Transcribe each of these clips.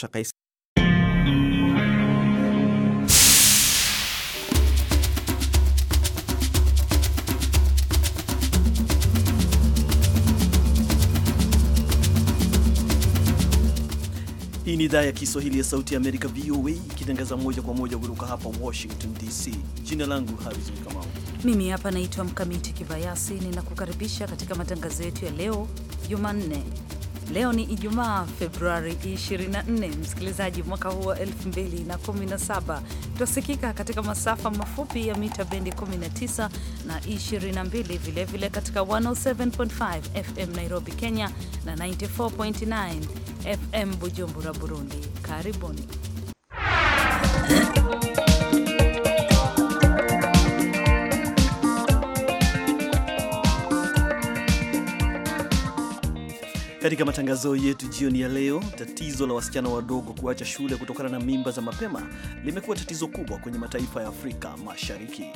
shaqaysa Hii ni idhaa ya Kiswahili ya Sauti ya Amerika, VOA, ikitangaza moja kwa moja kutoka hapa Washington DC. Jina langu Harrison Kamau. Mimi hapa naitwa Mkamiti Kibayasi, ninakukaribisha katika matangazo yetu ya leo Jumanne Leo ni Ijumaa, Februari 24, msikilizaji, mwaka huu wa 2017. Twasikika katika masafa mafupi ya mita bendi 19 na 22, vilevile vile katika 107.5 FM Nairobi, Kenya na 94.9 FM Bujumbura, Burundi. Karibuni. Katika matangazo yetu jioni ya leo, tatizo la wasichana wadogo kuacha shule kutokana na mimba za mapema limekuwa tatizo kubwa kwenye mataifa ya Afrika Mashariki.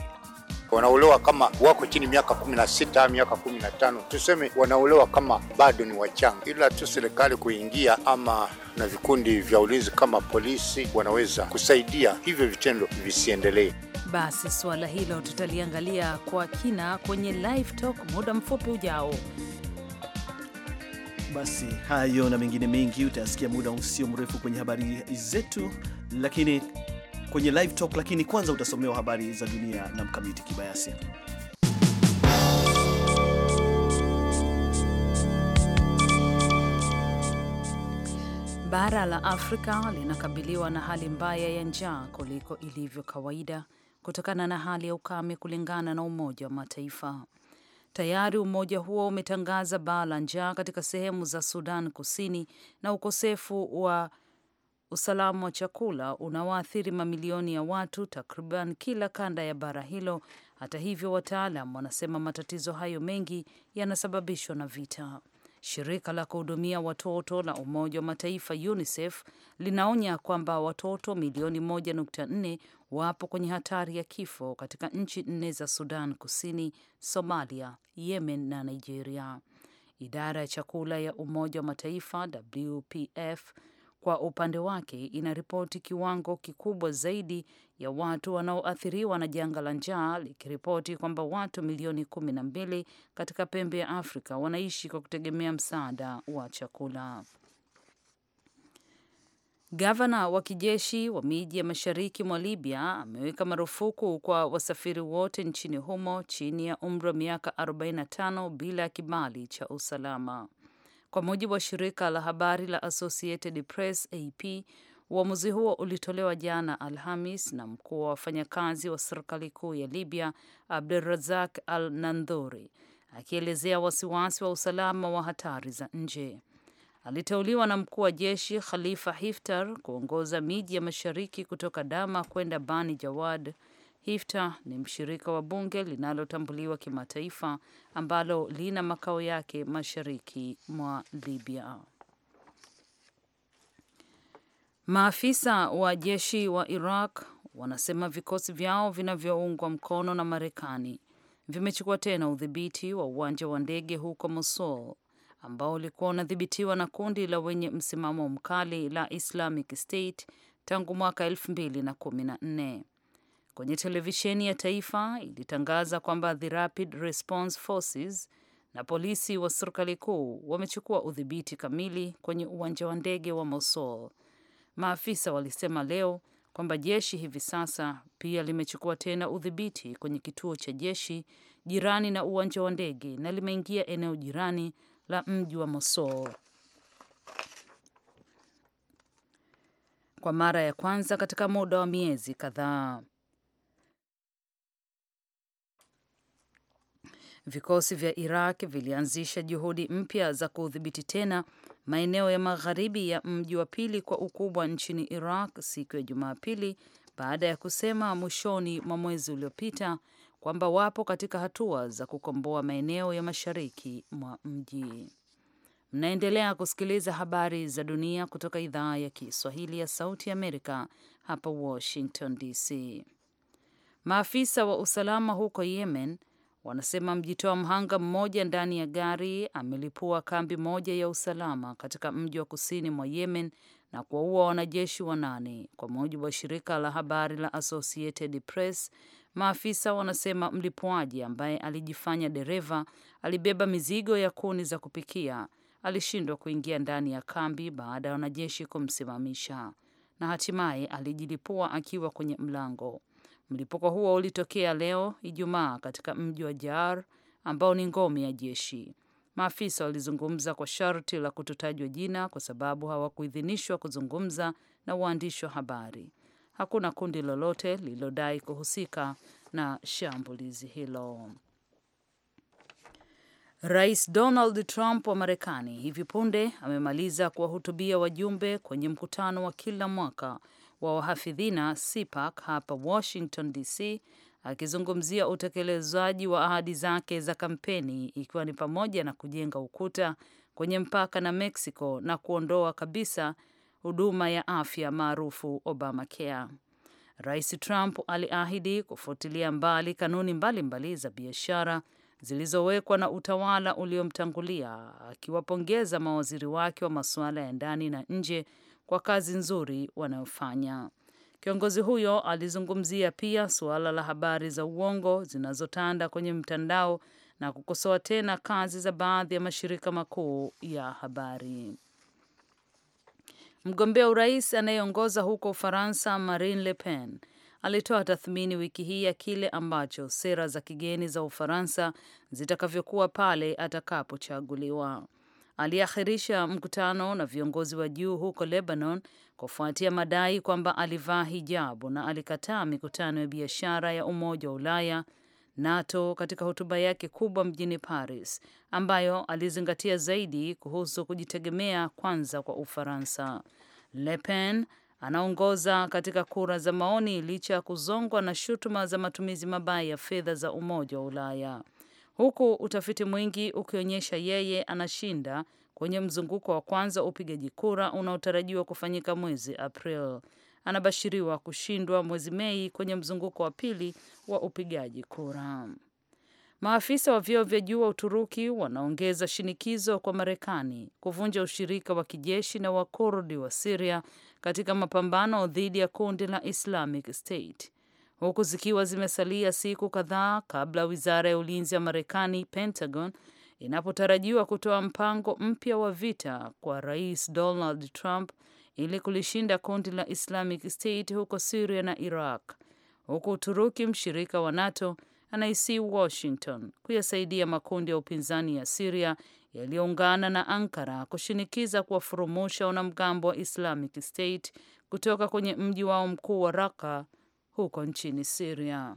Wanaolewa kama wako chini miaka 16 miaka 15, tuseme wanaolewa kama bado ni wachanga, ila tu serikali kuingia ama na vikundi vya ulinzi kama polisi wanaweza kusaidia hivyo vitendo visiendelee. Basi suala hilo tutaliangalia kwa kina kwenye live talk muda mfupi ujao. Basi hayo na mengine mengi utayasikia muda usio mrefu kwenye habari zetu, lakini kwenye live talk. Lakini kwanza utasomewa habari za dunia na Mkamiti Kibayasi. Bara la Afrika linakabiliwa na hali mbaya ya njaa kuliko ilivyo kawaida kutokana na hali ya ukame kulingana na Umoja wa Mataifa. Tayari umoja huo umetangaza baa la njaa katika sehemu za Sudan Kusini na ukosefu wa usalama wa chakula unawaathiri mamilioni ya watu takriban kila kanda ya bara hilo. Hata hivyo, wataalam wanasema matatizo hayo mengi yanasababishwa na vita. Shirika la kuhudumia watoto la Umoja wa Mataifa UNICEF linaonya kwamba watoto milioni 1.4 wapo kwenye hatari ya kifo katika nchi nne za Sudan Kusini, Somalia, Yemen na Nigeria. Idara ya chakula ya Umoja wa Mataifa WPF kwa upande wake inaripoti kiwango kikubwa zaidi ya watu wanaoathiriwa na janga la njaa likiripoti kwamba watu milioni kumi na mbili katika pembe ya Afrika wanaishi kwa kutegemea msaada wa chakula. Gavana wa kijeshi wa miji ya mashariki mwa Libya ameweka marufuku kwa wasafiri wote nchini humo chini ya umri wa miaka 45 bila kibali cha usalama. Kwa mujibu wa shirika la habari la Associated Press AP, uamuzi huo ulitolewa jana Alhamis na mkuu wa wafanyakazi wa serikali kuu ya Libya Abdurazak Al Nandhuri akielezea wasiwasi wa usalama wa hatari za nje. Aliteuliwa na mkuu wa jeshi Khalifa hiftar kuongoza miji ya mashariki kutoka Dama kwenda Bani Jawad HIFTA ni mshirika wa bunge linalotambuliwa kimataifa ambalo lina makao yake mashariki mwa Libya. Maafisa wa jeshi wa Iraq wanasema vikosi vyao vinavyoungwa mkono na Marekani vimechukua tena udhibiti wa uwanja wa ndege huko Mosul ambao ulikuwa unadhibitiwa na kundi la wenye msimamo mkali la Islamic State tangu mwaka 2014 kwenye televisheni ya taifa ilitangaza kwamba the Rapid Response Forces na polisi wa serikali kuu wamechukua udhibiti kamili kwenye uwanja wa ndege wa Mosul. Maafisa walisema leo kwamba jeshi hivi sasa pia limechukua tena udhibiti kwenye kituo cha jeshi jirani na uwanja wa ndege na limeingia eneo jirani la mji wa Mosul. Kwa mara ya kwanza katika muda wa miezi kadhaa, Vikosi vya Iraq vilianzisha juhudi mpya za kuudhibiti tena maeneo ya magharibi ya mji wa pili kwa ukubwa nchini Iraq siku ya Jumapili baada ya kusema mwishoni mwa mwezi uliopita kwamba wapo katika hatua za kukomboa maeneo ya mashariki mwa mji. Mnaendelea kusikiliza habari za dunia kutoka idhaa ya Kiswahili ya Sauti Amerika hapa Washington DC. Maafisa wa usalama huko Yemen Wanasema mjitoa mhanga mmoja ndani ya gari amelipua kambi moja ya usalama katika mji wa kusini mwa Yemen na kuwaua wanajeshi wanane, kwa mujibu wa shirika la habari la Associated Press. Maafisa wanasema mlipuaji ambaye alijifanya dereva alibeba mizigo ya kuni za kupikia alishindwa kuingia ndani ya kambi baada ya wanajeshi kumsimamisha na hatimaye alijilipua akiwa kwenye mlango. Mlipuko huo ulitokea leo Ijumaa katika mji wa jar ambao ni ngome ya jeshi. Maafisa walizungumza kwa sharti la kutotajwa jina kwa sababu hawakuidhinishwa kuzungumza na waandishi wa habari. Hakuna kundi lolote lililodai kuhusika na shambulizi hilo. Rais Donald Trump wa Marekani hivi punde amemaliza kuwahutubia wajumbe kwenye mkutano wa kila mwaka wa wahafidhina CPAC hapa Washington DC, akizungumzia utekelezaji wa ahadi zake za kampeni, ikiwa ni pamoja na kujenga ukuta kwenye mpaka na Mexico na kuondoa kabisa huduma ya afya maarufu Obamacare. Rais Trump aliahidi kufuatilia mbali kanuni mbalimbali mbali za biashara zilizowekwa na utawala uliomtangulia, akiwapongeza mawaziri wake wa masuala ya ndani na nje kwa kazi nzuri wanayofanya. Kiongozi huyo alizungumzia pia suala la habari za uongo zinazotanda kwenye mtandao na kukosoa tena kazi za baadhi ya mashirika makuu ya habari. Mgombea urais anayeongoza huko Ufaransa, Marine Le Pen alitoa tathmini wiki hii ya kile ambacho sera za kigeni za Ufaransa zitakavyokuwa pale atakapochaguliwa aliahirisha mkutano na viongozi wa juu huko Lebanon kufuatia madai kwamba alivaa hijabu na alikataa mikutano ya biashara ya Umoja wa Ulaya NATO katika hotuba yake kubwa mjini Paris ambayo alizingatia zaidi kuhusu kujitegemea kwanza kwa Ufaransa. Le Pen anaongoza katika kura za maoni licha ya kuzongwa na shutuma za matumizi mabaya ya fedha za Umoja wa Ulaya huku utafiti mwingi ukionyesha yeye anashinda kwenye mzunguko wa kwanza wa upigaji kura unaotarajiwa kufanyika mwezi April. Anabashiriwa kushindwa mwezi Mei kwenye mzunguko wa pili wa upigaji kura. Maafisa wa vyeo vya juu wa Uturuki wanaongeza shinikizo kwa Marekani kuvunja ushirika wa kijeshi na Wakurdi wa Siria katika mapambano dhidi ya kundi la Islamic State huku zikiwa zimesalia siku kadhaa kabla wizara ya ulinzi ya Marekani, Pentagon, inapotarajiwa kutoa mpango mpya wa vita kwa Rais Donald Trump ili kulishinda kundi la Islamic State huko Siria na Iraq, huku Uturuki, mshirika wa NATO, anaisii Washington kuyasaidia makundi ya upinzani ya Siria yaliyoungana na Ankara kushinikiza kuwafurumusha wanamgambo wa Islamic State kutoka kwenye mji wao mkuu wa Raqqa huko nchini Syria.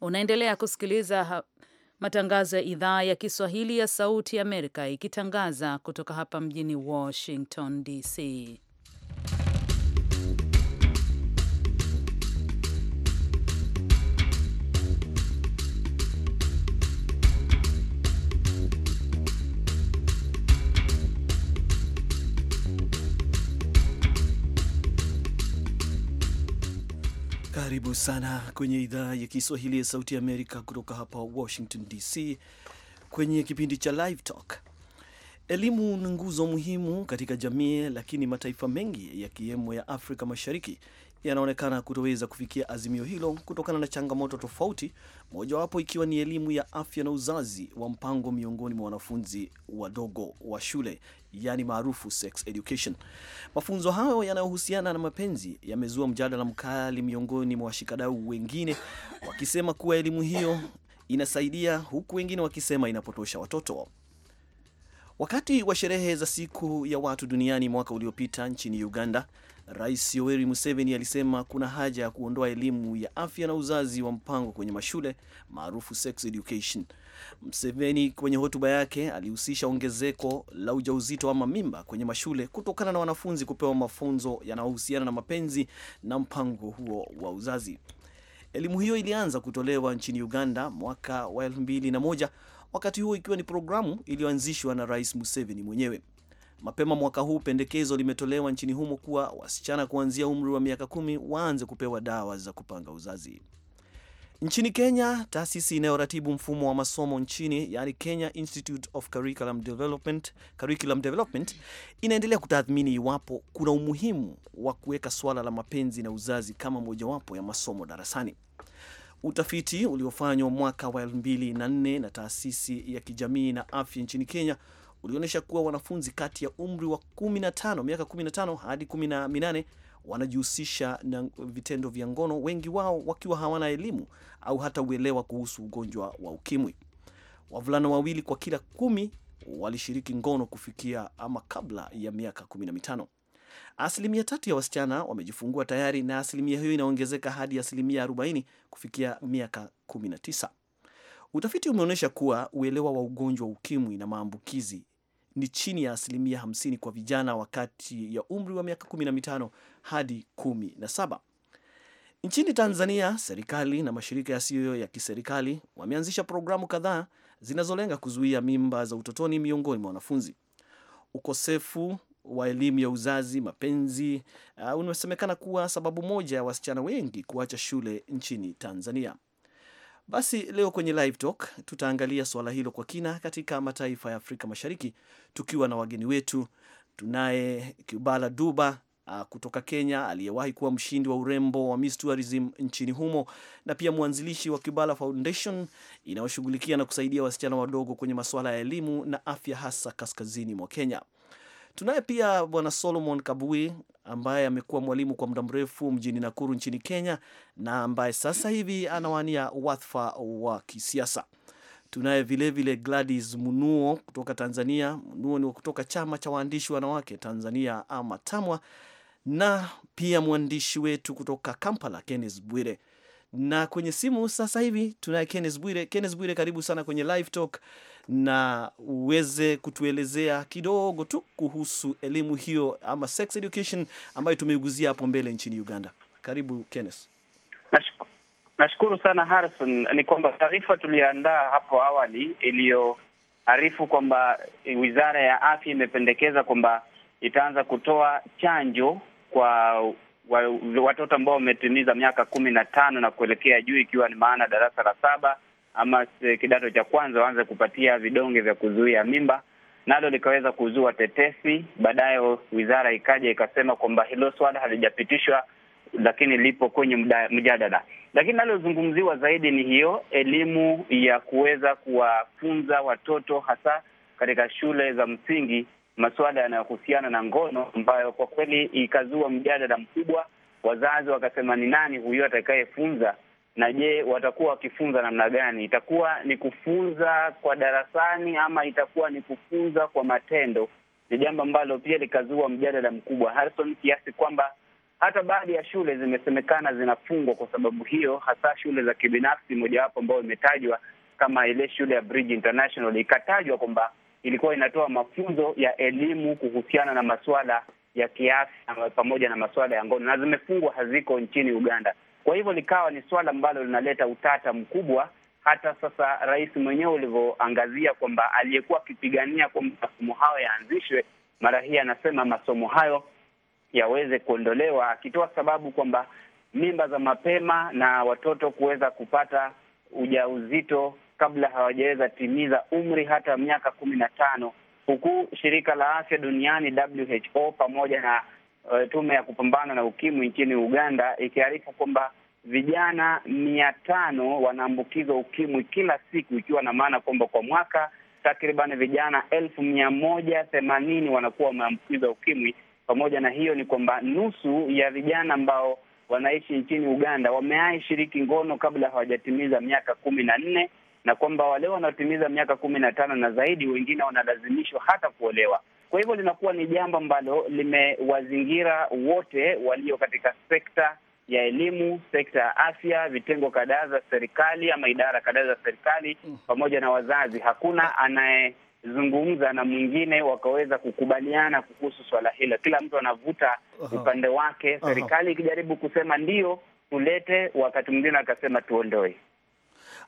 Unaendelea kusikiliza matangazo ya idhaa ya Kiswahili ya Sauti ya Amerika ikitangaza kutoka hapa mjini Washington DC. Karibu sana kwenye idhaa ya Kiswahili ya Sauti ya Amerika kutoka hapa Washington DC, kwenye kipindi cha Live Talk. Elimu ni nguzo muhimu katika jamii, lakini mataifa mengi yakiwemo ya Afrika Mashariki yanaonekana kutoweza kufikia azimio hilo kutokana na changamoto tofauti mojawapo ikiwa ni elimu ya afya na uzazi wa mpango miongoni mwa wanafunzi wadogo wa shule, yaani maarufu sex education. Mafunzo hayo yanayohusiana na mapenzi yamezua mjadala mkali miongoni mwa washikadau, wengine wakisema kuwa elimu hiyo inasaidia, huku wengine wakisema inapotosha watoto. Wakati wa sherehe za siku ya watu duniani mwaka uliopita nchini Uganda, Rais Yoweri Museveni alisema kuna haja ya kuondoa elimu ya afya na uzazi wa mpango kwenye mashule maarufu sex education. Museveni kwenye hotuba yake alihusisha ongezeko la ujauzito ama mimba kwenye mashule kutokana na wanafunzi kupewa mafunzo yanayohusiana na mapenzi na mpango huo wa uzazi. Elimu hiyo ilianza kutolewa nchini Uganda mwaka wa 2001 wakati huo ikiwa ni programu iliyoanzishwa na Rais Museveni mwenyewe. Mapema mwaka huu pendekezo limetolewa nchini humo kuwa wasichana kuanzia umri wa miaka kumi waanze kupewa dawa za kupanga uzazi. Nchini Kenya, taasisi inayoratibu mfumo wa masomo nchini, yani Kenya Institute of Curriculum Development, Curriculum Development inaendelea kutathmini iwapo kuna umuhimu wa kuweka swala la mapenzi na uzazi kama mojawapo ya masomo darasani. Utafiti uliofanywa mwaka wa 2004 na taasisi ya kijamii na afya nchini Kenya ulionyesha kuwa wanafunzi kati ya umri wa 15 miaka 15 hadi 18 wanajihusisha na vitendo vya ngono, wengi wao wakiwa hawana elimu au hata uelewa kuhusu ugonjwa wa ukimwi. Wavulana wawili kwa kila kumi walishiriki ngono kufikia ama kabla ya miaka 15. Asilimia tatu ya wasichana wamejifungua tayari na asilimia hiyo inaongezeka hadi asilimia 40 kufikia miaka 19. Utafiti umeonyesha kuwa uelewa wa ugonjwa wa ukimwi na maambukizi ni chini ya asilimia 50 kwa vijana wakati ya umri wa miaka 15 hadi 17. Nchini Tanzania, serikali na mashirika yasiyo ya kiserikali wameanzisha programu kadhaa zinazolenga kuzuia mimba za utotoni miongoni mwa wanafunzi. Ukosefu wa elimu ya uzazi, mapenzi uh, unasemekana kuwa sababu moja ya wasichana wengi kuacha shule nchini Tanzania. Basi leo kwenye Live Talk tutaangalia suala hilo kwa kina katika mataifa ya Afrika Mashariki tukiwa na wageni wetu. Tunaye Kibala Duba ah, kutoka Kenya, aliyewahi kuwa mshindi wa urembo wa Miss Tourism nchini humo na pia mwanzilishi wa Kibala Foundation inayoshughulikia na kusaidia wasichana wadogo kwenye masuala ya elimu na afya, hasa kaskazini mwa Kenya. Tunaye pia Bwana Solomon Kabui ambaye amekuwa mwalimu kwa muda mrefu mjini Nakuru nchini Kenya na ambaye sasa hivi anawania wadhifa wa kisiasa. Tunaye vilevile Gladys Munuo kutoka Tanzania. Munuo ni kutoka chama cha waandishi wanawake Tanzania ama TAMWA, na pia mwandishi wetu kutoka Kampala Kenneth Bwire. Na kwenye simu sasa hivi tunaye Kenneth Bwire. Kenneth Bwire, karibu sana kwenye Live Talk na uweze kutuelezea kidogo tu kuhusu elimu hiyo ama sex education ambayo tumeiguzia hapo mbele nchini Uganda. Karibu Kenneth. Nashukuru sana Harrison. Ni kwamba taarifa tuliandaa hapo awali iliyoarifu kwamba e, Wizara ya Afya imependekeza kwamba itaanza kutoa chanjo kwa watoto ambao wametimiza miaka kumi na tano na kuelekea juu, ikiwa ni maana darasa la saba ama eh, kidato cha kwanza waanze kupatia vidonge vya kuzuia mimba, nalo likaweza kuzua tetesi. Baadaye wizara ikaja ikasema kwamba hilo swala halijapitishwa, lakini lipo kwenye mjadala. Lakini nalozungumziwa zaidi ni hiyo elimu ya kuweza kuwafunza watoto hasa katika shule za msingi masuala yanayohusiana na ngono, ambayo kwa kweli ikazua mjadala mkubwa. Wazazi wakasema ni nani huyo atakayefunza na je, watakuwa wakifunza namna gani? Itakuwa ni kufunza kwa darasani ama itakuwa ni kufunza kwa matendo? Ni jambo ambalo pia likazua mjadala mkubwa Harrison, kiasi kwamba hata baadhi ya shule zimesemekana zinafungwa kwa sababu hiyo, hasa shule za kibinafsi, mojawapo ambayo imetajwa kama ile shule ya Bridge International ikatajwa kwamba ilikuwa inatoa mafunzo ya elimu kuhusiana na masuala ya kiafya pamoja na masuala ya ngono, na zimefungwa, haziko nchini Uganda. Kwa hivyo likawa ni suala ambalo linaleta utata mkubwa. Hata sasa rais mwenyewe ulivyoangazia kwamba aliyekuwa akipigania kwamba masomo hayo yaanzishwe, mara hii anasema masomo hayo yaweze kuondolewa, akitoa sababu kwamba mimba za mapema na watoto kuweza kupata ujauzito kabla hawajaweza timiza umri hata miaka kumi na tano, huku shirika la afya duniani WHO pamoja na uh, tume ya kupambana na ukimwi nchini Uganda ikiarifu kwamba vijana mia tano wanaambukizwa ukimwi kila siku, ikiwa na maana kwamba kwa mwaka takriban vijana elfu mia moja themanini wanakuwa wameambukizwa ukimwi. Pamoja na hiyo ni kwamba nusu ya vijana ambao wanaishi nchini Uganda wameai shiriki ngono kabla hawajatimiza miaka kumi na nne na kwamba wale wanaotimiza miaka kumi na tano na zaidi, wengine wanalazimishwa hata kuolewa. Kwa hivyo linakuwa ni jambo ambalo limewazingira wote walio katika sekta ya elimu, sekta ya afya, vitengo kadhaa za serikali ama idara kadhaa za serikali mm. pamoja na wazazi. Hakuna anayezungumza na mwingine wakaweza kukubaliana kuhusu swala hilo, kila mtu anavuta upande wake, serikali ikijaribu kusema ndio tulete, wakati mwingine akasema tuondoe.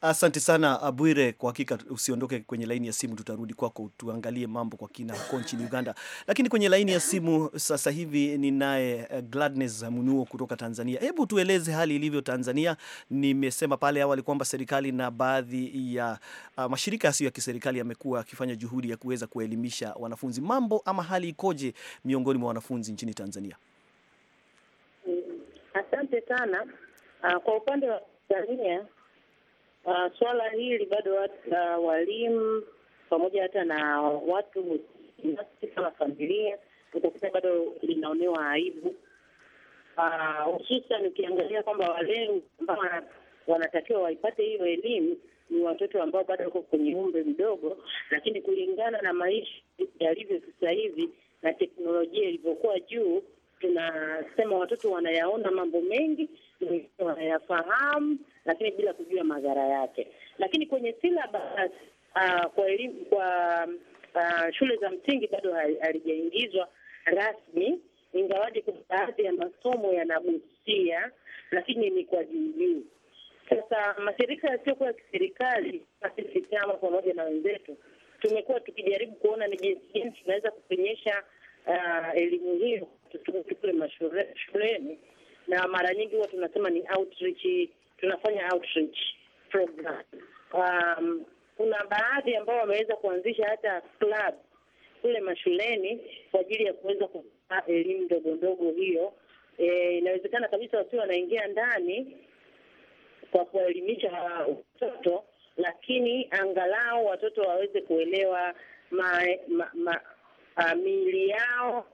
Asante sana uh, Bwire, kwa hakika usiondoke kwenye laini ya simu, tutarudi kwako tuangalie mambo kwa kina huko nchini Uganda. Lakini kwenye laini ya simu sasa hivi ninaye uh, Gladness Munuo kutoka Tanzania. Hebu tueleze hali ilivyo Tanzania. Nimesema pale awali kwamba serikali na baadhi ya uh, mashirika yasiyo ya kiserikali yamekuwa yakifanya juhudi ya kuweza kuwaelimisha wanafunzi. Mambo ama hali ikoje miongoni mwa wanafunzi nchini Tanzania? Asante sana. Uh, kwa upande wa Tanzania Uh, swala hili bado uh, walimu pamoja hata na watu kama familia utakuta bado linaonewa aibu, uh, hususan uh, ukiangalia kwamba wale ambao wanatakiwa waipate hiyo elimu ni watoto ambao bado wako kwenye umri mdogo, lakini kulingana na maisha yalivyo sasa hivi na teknolojia ilivyokuwa juu, tunasema watoto wanayaona mambo mengi, wengine wanayafahamu lakini bila kujua madhara yake. Lakini kwenye silabasi uh, ah, kwa elimu kwa uh, shule za msingi bado halijaingizwa rasmi, ingawaje kuna baadhi ya masomo yanagusia, lakini ni kwa juujuu. Sasa mashirika yasiyokuwa ya kiserikali na pamoja na wenzetu tumekuwa tukijaribu kuona ni jinsi gani tunaweza kupenyesha uh, elimu hiyo kule mashuleni, na mara nyingi huwa tunasema ni outreach tunafanya outreach program. Um, kuna baadhi ambao wameweza kuanzisha hata club kule mashuleni kwa ajili ya kuweza kupata elimu ndogo ndogo hiyo. E, inawezekana kabisa watu wanaingia ndani kwa kuwaelimisha watoto, lakini angalau watoto waweze kuelewa ma, ma, ma, uh, miili yao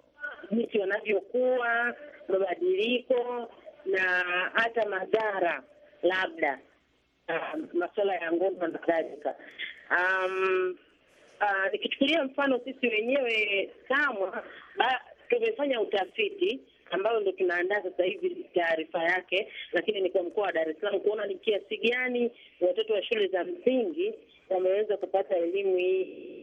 jinsi wanavyokuwa, mabadiliko na hata madhara labda um, masuala ya ngono na kadhalika. Um, uh, nikichukulia mfano sisi wenyewe kama tumefanya utafiti ambayo ndo tunaandaa sasa hivi taarifa yake, lakini ni kwa mkoa wa Dar es Salaam kuona ni kiasi gani watoto wa shule za msingi wameweza kupata elimu hii.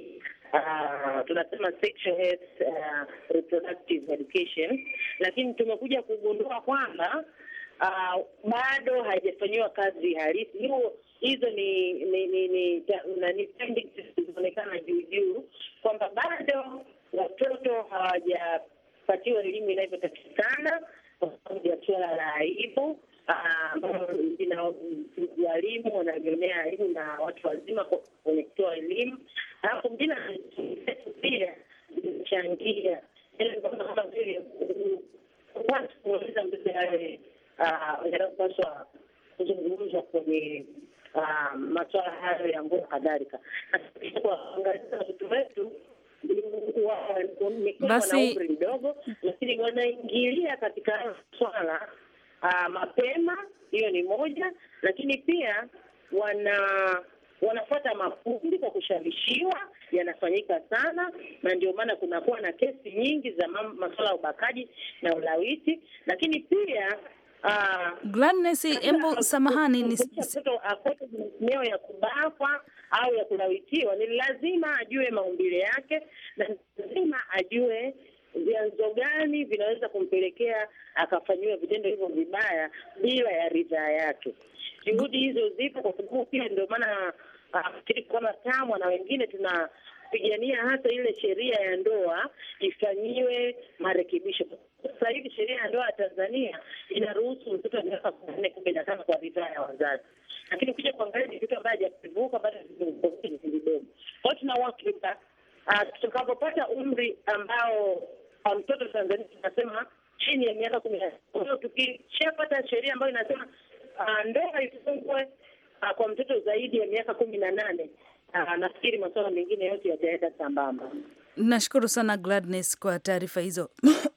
Uh, tunasema sexual health, uh, reproductive education, lakini tumekuja kugundua kwamba uh, bado haijafanyiwa kazi halisi. Hiyo hizo ni ni ni, zinaonekana juu juu kwamba bado watoto hawajapatiwa elimu inavyotakikana kwa sababu ya suala la aibu ah, walimu wanavyonea aibu na watu wazima kwenye kutoa elimu, alafu zetu pia zimechangia kama vile watu kuuliza mbele yanayopaswa ah, kuzungumzwa kwenye ah, masuala hayo ya nguo kadhalika. Kuangalia watoto wetu nikiwa umri mdogo, lakini wanaingilia katika swala ah, mapema. Hiyo ni moja, lakini pia wana wanafuata makundi kwa kushawishiwa, yanafanyika sana, na ndio maana kunakuwa na kesi nyingi za masuala ya ubakaji na ulawiti, lakini pia Uh, Gladness, embo samahani, ni mtoto akote eneo ya kubakwa au ya kulawitiwa, ni lazima ajue maumbile yake na lazima ajue vyanzo gani vinaweza kumpelekea akafanyiwa vitendo hivyo vibaya bila ya ridhaa yake. Juhudi hizo zipo, kwa sababu pia ndio maana ah, kama TAMWA na wengine tuna kupigania hasa ile sheria ya ndoa ifanyiwe marekebisho. Sasa hivi sheria ya ndoa ya Tanzania inaruhusu mtoto wa miaka kumi na nne kumi na tano kwa ridhaa ya wazazi, lakini kuja kuangalia ni vitu ambayo hajakivuka bado vidogo kwao. Tunawakika ah, tutakapopata umri ambao kwa ah, mtoto Tanzania tunasema chini ya miaka kumi na tano, tukishapata sheria ambayo inasema ah, ndoa ifungwe kwa mtoto zaidi ya miaka kumi na nane na ah, nafikiri masuala mengine yote yataenda sambamba. Nashukuru sana Gladness kwa taarifa hizo.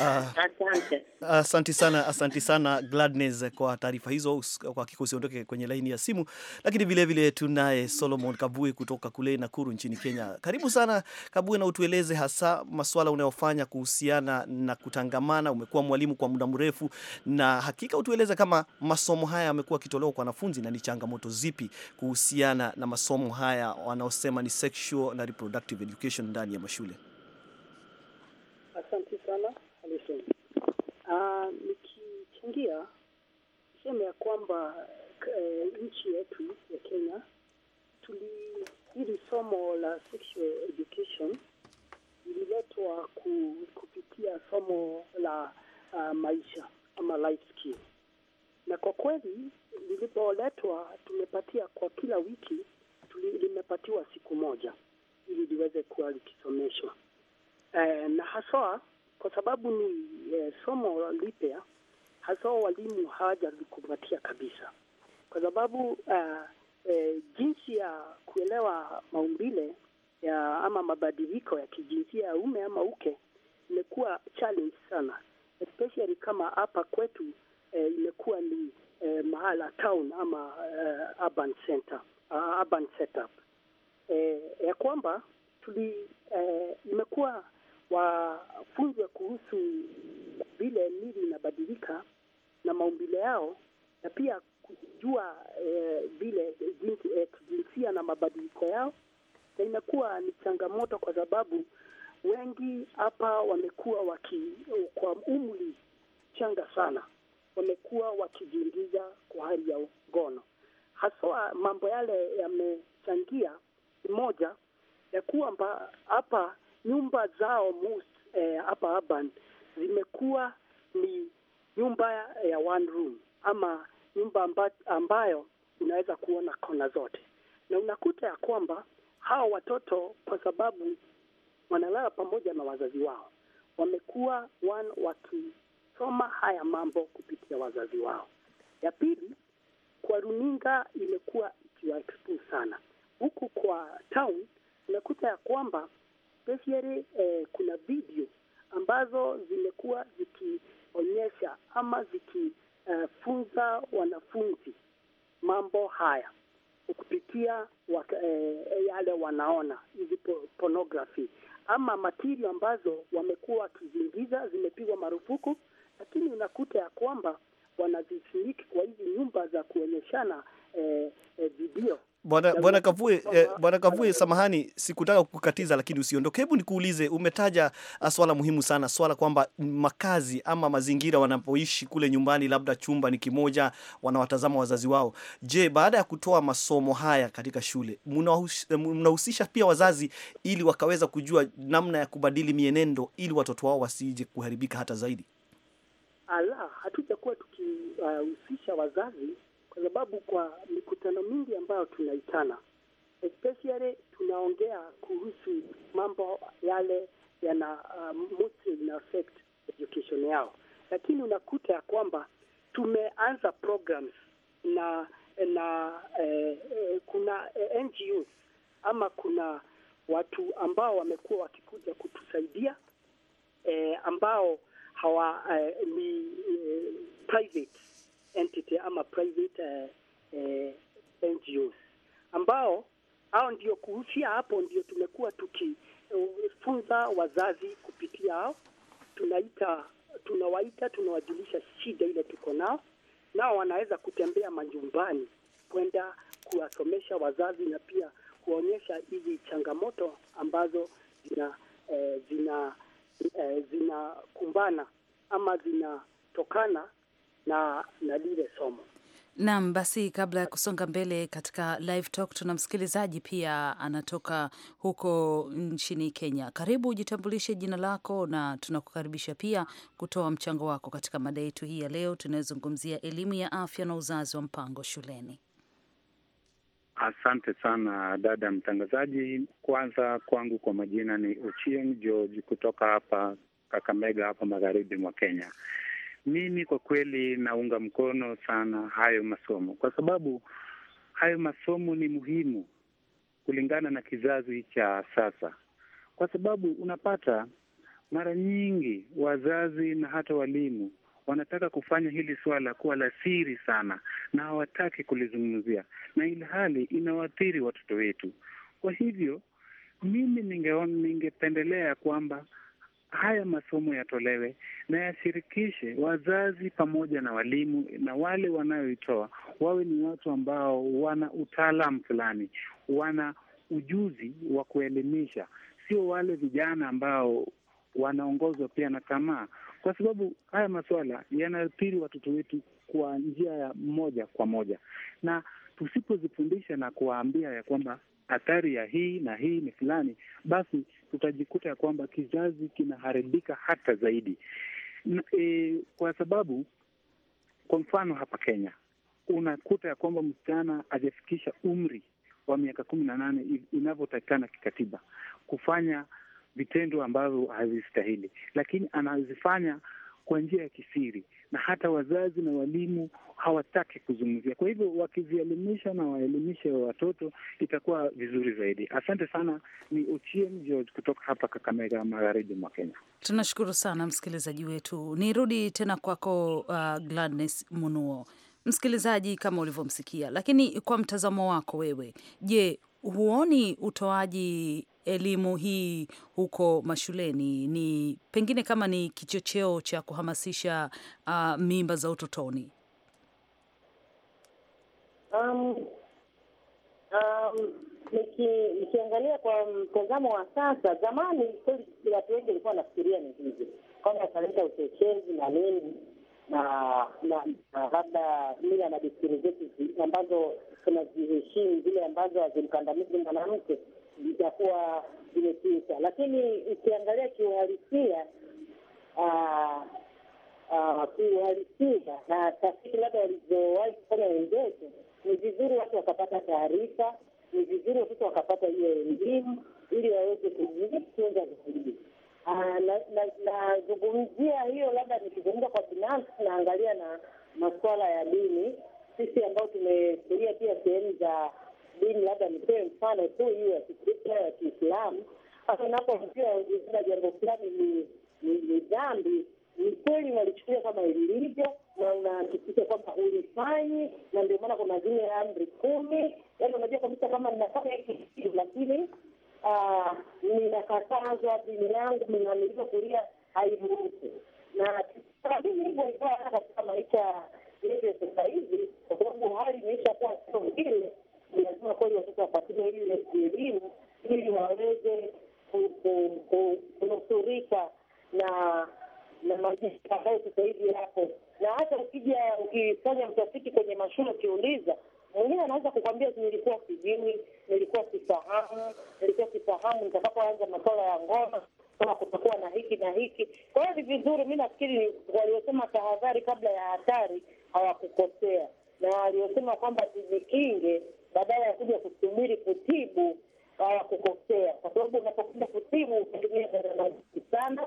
Uh, asante sana, asante sana Gladness kwa taarifa hizo. Kwa hakika usiondoke kwenye laini ya simu, lakini vilevile tunaye Solomon Kabue kutoka kule Nakuru nchini Kenya. Karibu sana Kabue, na utueleze hasa masuala unayofanya kuhusiana na kutangamana. Umekuwa mwalimu kwa muda mrefu, na hakika utueleze kama masomo haya yamekuwa akitolewa kwa wanafunzi na ni changamoto zipi kuhusiana na masomo haya wanaosema ni sexual na reproductive education ndani ya mashule. Ah, nikichangia sema ya kwamba eh, nchi yetu ya Kenya tuli hili somo la sexual education lililetwa ku, kupitia somo la uh, maisha ama life skill, na kwa kweli lilipoletwa tumepatia kwa kila wiki tuli, limepatiwa siku moja ili liweze kuwa likisomeshwa e, na haswa kwa sababu ni eh, somo lipya hasa walimu hawajalikumbatia kabisa, kwa sababu uh, eh, jinsi ya kuelewa maumbile ya ama mabadiliko ya kijinsia ya ume ama uke imekuwa challenge sana, especially kama hapa kwetu eh, imekuwa ni eh, mahala town ama uh, urban center, uh, urban setup eh, ya kwamba tuli eh, imekuwa wafunzwe kuhusu vile mili inabadilika na maumbile yao, na pia kujua eh, vile eh, jinsi eh, kijinsia na mabadiliko yao, na inakuwa ni changamoto kwa sababu wengi hapa wamekuwa waki kwa umri changa sana wamekuwa wakijiingiza kwa hali ya ngono. Haswa mambo yale yamechangia moja ya kwamba hapa nyumba zao eh, hapa eh, urban zimekuwa ni nyumba ya one room ama nyumba ambayo unaweza kuona kona zote, na unakuta ya kwamba hawa watoto kwa sababu wanalala pamoja na wazazi wao, wamekuwa wakisoma haya mambo kupitia wazazi wao. Ya pili, kwa runinga imekuwa ikiwa expose sana. Huku kwa town unakuta ya kwamba especially eh, kuna video ambazo zimekuwa zikionyesha ama zikifunza eh, wanafunzi mambo haya kupitia eh, yale wanaona hizi pornography ama material ambazo wamekuwa wakiziingiza zimepigwa marufuku, lakini unakuta ya kwamba wanazishiriki kwa hizi nyumba za kuonyeshana eh, eh, video Eh, bwana bwana Kavue, eh, bwana Kavue, samahani, sikutaka kukatiza, lakini usiondoke. Hebu nikuulize, umetaja ah, swala muhimu sana, swala kwamba makazi ama mazingira wanapoishi kule nyumbani, labda chumba ni kimoja, wanawatazama wazazi wao. Je, baada ya kutoa masomo haya katika shule, eh, mnahusisha pia wazazi ili wakaweza kujua namna ya kubadili mienendo ili watoto wao wasije kuharibika hata zaidi? Ala, hatujakuwa tukihusisha uh, wazazi sababu kwa mikutano mingi ambayo tunaitana, especially tunaongea kuhusu mambo yale yana uh, mostly affect education yao, lakini unakuta ya kwamba tumeanza programs na na eh, eh, kuna eh, NGOs ama kuna watu ambao wamekuwa wakikuja kutusaidia eh, ambao hawa eh, ni eh, private entity ama private eh, eh, NGOs ambao hao ndio kuhusia hapo ndio tumekuwa tukifunza eh, uh, wazazi kupitia hao, tunaita tunawaita tunawajulisha shida ile tuko nao, nao wanaweza kutembea majumbani kwenda kuwasomesha wazazi na pia kuonyesha hizi changamoto ambazo zina eh, zina eh, zinakumbana ama zinatokana na, na lile somo. Naam, basi kabla ya kusonga mbele katika live talk, tuna msikilizaji pia anatoka huko nchini Kenya. Karibu, ujitambulishe jina lako na tunakukaribisha pia kutoa mchango wako katika mada yetu hii ya leo tunayozungumzia elimu ya afya na uzazi wa mpango shuleni. Asante sana dada mtangazaji. Kwanza kwangu kwa majina ni Ochieng George kutoka hapa Kakamega, hapa magharibi mwa Kenya. Mimi kwa kweli naunga mkono sana hayo masomo, kwa sababu hayo masomo ni muhimu kulingana na kizazi cha sasa, kwa sababu unapata mara nyingi wazazi na hata walimu wanataka kufanya hili swala kuwa la siri sana na hawataki kulizungumzia, na ili hali inawaathiri watoto wetu. Kwa hivyo mimi ningependelea kwamba haya masomo yatolewe na yashirikishe wazazi pamoja na walimu, na wale wanayoitoa wawe ni watu ambao wana utaalamu fulani, wana ujuzi wa kuelimisha, sio wale vijana ambao wanaongozwa pia na tamaa, kwa sababu haya masuala yanaathiri watoto wetu kwa njia ya moja kwa moja, na tusipozifundisha na kuwaambia ya kwamba athari ya hii na hii ni fulani, basi tutajikuta ya kwamba kizazi kinaharibika hata zaidi. E, kwa sababu kwa mfano hapa Kenya unakuta ya kwamba msichana ajafikisha umri wa miaka kumi na nane inavyotakikana kikatiba kufanya vitendo ambavyo havistahili lakini anazifanya kwa njia ya kisiri, na hata wazazi na walimu hawataki kuzungumzia. Kwa hivyo wakizielimisha na waelimishe watoto itakuwa vizuri zaidi. Asante sana, ni Ochieng George kutoka hapa Kakamega, magharibi mwa Kenya. Tunashukuru sana msikilizaji wetu. Nirudi tena kwako, uh, Gladness Munuo. Msikilizaji, kama ulivyomsikia, lakini kwa mtazamo wako wewe, je, huoni utoaji elimu hii huko mashuleni ni pengine kama ni kichocheo cha kuhamasisha uh, mimba za utotoni? Um, um, niki- nikiangalia kwa mtazamo wa sasa, zamani kweli watu wengi walikuwa wanafikiria ni hivi kwamba ataleta uchochezi na nini na na labda mila na desturi zetu ambazo tunaziheshimu zile ambazo hazimkandamizi mwanamke litakuwa limepita, lakini ukiangalia kiuhalisia ah, ah, kiuhalisia na tafiti labda walizowahi kufanya wenzetu, ni vizuri watu wakapata taarifa, ni vizuri watoto wakapata hiyo elimu ili waweze kujifunza zaidi. Ah, Nazungumzia hiyo, labda nikizungumza kwa binafsi, naangalia na masuala ya dini, sisi ambao tumehudhuria pia sehemu za dini, labda nipee mfano tu hiyo ya Kikristo ya Kiislamu. Sasa unapoambiwa kuna jambo fulani ni ni dhambi, ni kweli unalichukulia kama ilivyo, na unahakikisha kwamba ulifanyi, na ndio maana kuna zile amri kumi. Yaani unajua kabisa kama ninafanya hiki kitu, lakini ah, ninakatazwa, dini yangu ninamiliza kulia hairuhusu na mimi hivyo ikawa katika maisha yetu sasa hivi, kwa sababu hali imeisha kuwa sio ile ni lazima kweli watoto wapatiwe ile elimu ili waweze kunusurika na na majanga ambayo sasa hivi yapo, na hata ukija ukifanya mtafiti kwenye mashule ukiuliza mwenyewe anaweza kukwambia nilikuwa sijui, nilikuwa sifahamu, nilikuwa sifahamu nitakapoanza masuala ya ngoma kama kutakuwa na hiki na hiki. Kwa hiyo ni vizuri, mi nafikiri waliosema tahadhari kabla ya hatari hawakukosea, na waliosema kwamba tujikinge badala ya kuja kusubiri kutibu wala kukosea, kwa sababu unapokuja kutibu utatumia gharama nyingi sana,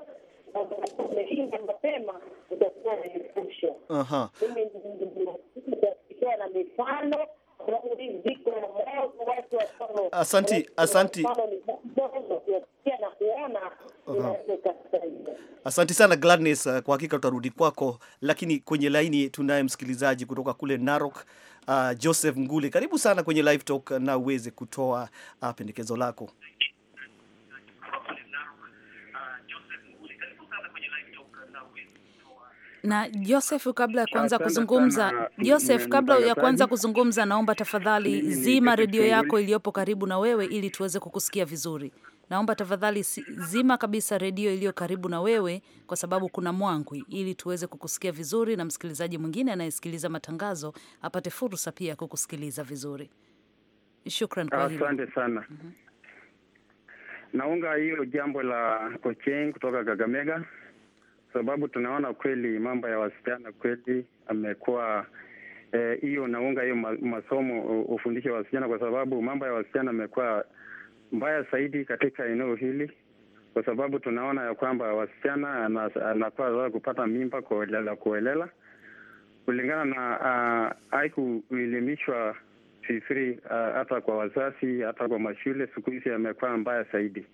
mapema utakuwa unaepusha. Mimi ndiikiwa na mifano Asanti, asanti. Asanti sana Gladness, uh, kwa hakika tutarudi kwako, lakini kwenye laini tunaye msikilizaji kutoka kule Narok, uh, Joseph Ngule, karibu sana kwenye live talk uh, na uweze kutoa uh, pendekezo lako. na Joseph, kabla ya kuanza kuzungumza Joseph, kabla ya kuanza kuzungumza, naomba tafadhali zima redio yako iliyopo karibu na wewe ili tuweze kukusikia vizuri. Naomba tafadhali zima kabisa redio iliyo karibu na wewe, kwa sababu kuna mwangwi, ili tuweze kukusikia vizuri na msikilizaji mwingine anayesikiliza matangazo apate fursa pia ya kukusikiliza vizuri. Shukran kwa hilo. Asante sana. Mm -hmm. Naunga hilo jambo la Kocheng kutoka gagamega sababu tunaona kweli mambo ya wasichana kweli amekuwa eh, hiyo eh, naunga hiyo masomo ufundishe wasichana, kwa sababu mambo ya wasichana amekuwa mbaya zaidi katika eneo hili, kwa sababu tunaona ya kwamba wasichana anakuwa kupata mimba kuelela kuelela kulingana na uh, haikuelimishwa vizuri uh, hata kwa wazazi hata kwa mashule, siku hizi amekuwa mbaya zaidi.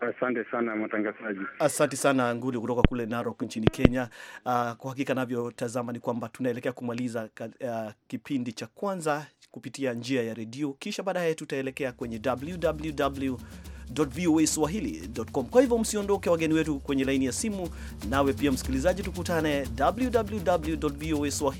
Asante sana mtangazaji. Asante sana Nguli kutoka kule Narok nchini Kenya. Uh, kwa hakika navyotazama ni kwamba tunaelekea kumaliza uh, kipindi cha kwanza kupitia njia ya redio, kisha baadaye tutaelekea kwenye www voa Kwa hivyo msiondoke, wageni wetu kwenye laini ya simu, nawe pia msikilizaji, tukutane www voa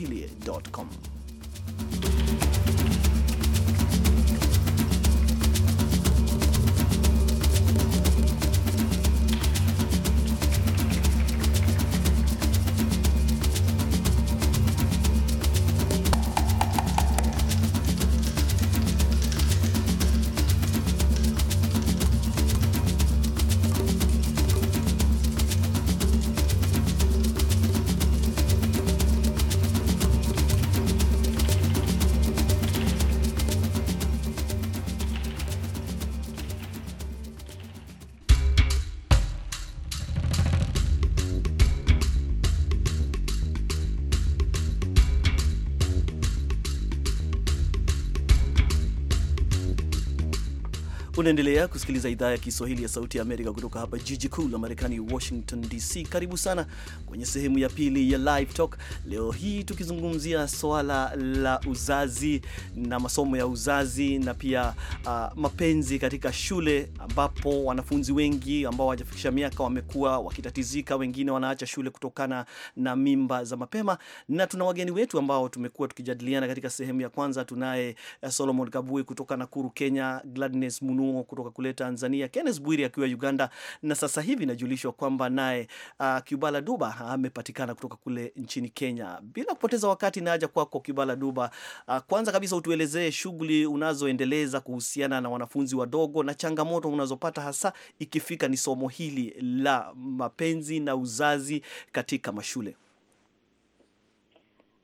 Unaendelea kusikiliza idhaa ya Kiswahili ya Sauti ya Amerika kutoka hapa jiji kuu la Marekani, Washington DC. Karibu sana kwenye sehemu ya pili ya Live Talk leo hii, tukizungumzia swala la uzazi na masomo ya uzazi na pia uh, mapenzi katika shule, ambapo wanafunzi wengi ambao hawajafikisha miaka wamekuwa wakitatizika, wengine wanaacha shule kutokana na mimba za mapema, na tuna wageni wetu ambao tumekuwa tukijadiliana katika sehemu ya kwanza. Tunaye eh, Solomon Kabui kutoka Nakuru, Kenya, Gladness Munu kutoka kule Tanzania, Kenneth Bwiri akiwa Uganda, na sasa hivi inajulishwa kwamba naye uh, Kibala Duba amepatikana kutoka kule nchini Kenya. Bila kupoteza wakati, naaja kwako Kibala Duba. Uh, kwanza kabisa utuelezee shughuli unazoendeleza kuhusiana na wanafunzi wadogo na changamoto unazopata hasa ikifika ni somo hili la mapenzi na uzazi katika mashule.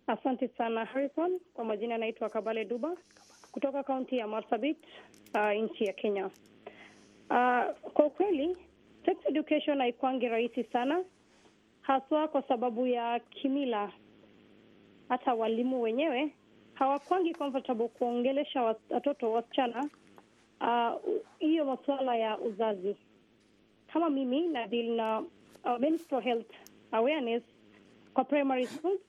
Asante sana Harrison. Kwa majina anaitwa Kabale Duba, kutoka kaunti ya Marsabit, uh, nchi ya Kenya. Uh, kwa ukweli sex education haikwangi rahisi sana, haswa kwa sababu ya kimila. Hata walimu wenyewe hawakwangi comfortable kuongelesha watoto wasichana uh, hiyo uh, masuala ya uzazi. Kama mimi na deal na uh, menstrual health awareness kwa primary schools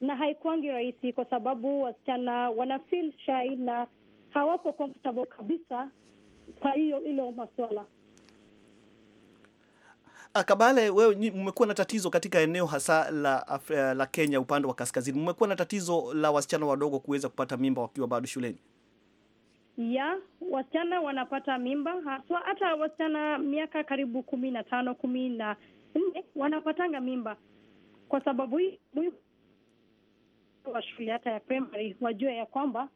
na haikuangi rahisi, kwa sababu wasichana wana feel shy na hawapo comfortable kabisa kwa hiyo ilo maswala. Ah, Kabale, wewe mmekuwa na tatizo katika eneo hasa la, eh, la Kenya upande wa kaskazini, mmekuwa na tatizo la wasichana wadogo kuweza kupata mimba wakiwa bado shuleni? Ya, wasichana wanapata mimba haswa, hata wasichana miaka karibu kumi na tano kumi na nne wanapatanga mimba kwa sababu hii wa shule hata ya primary wajue ya kwamba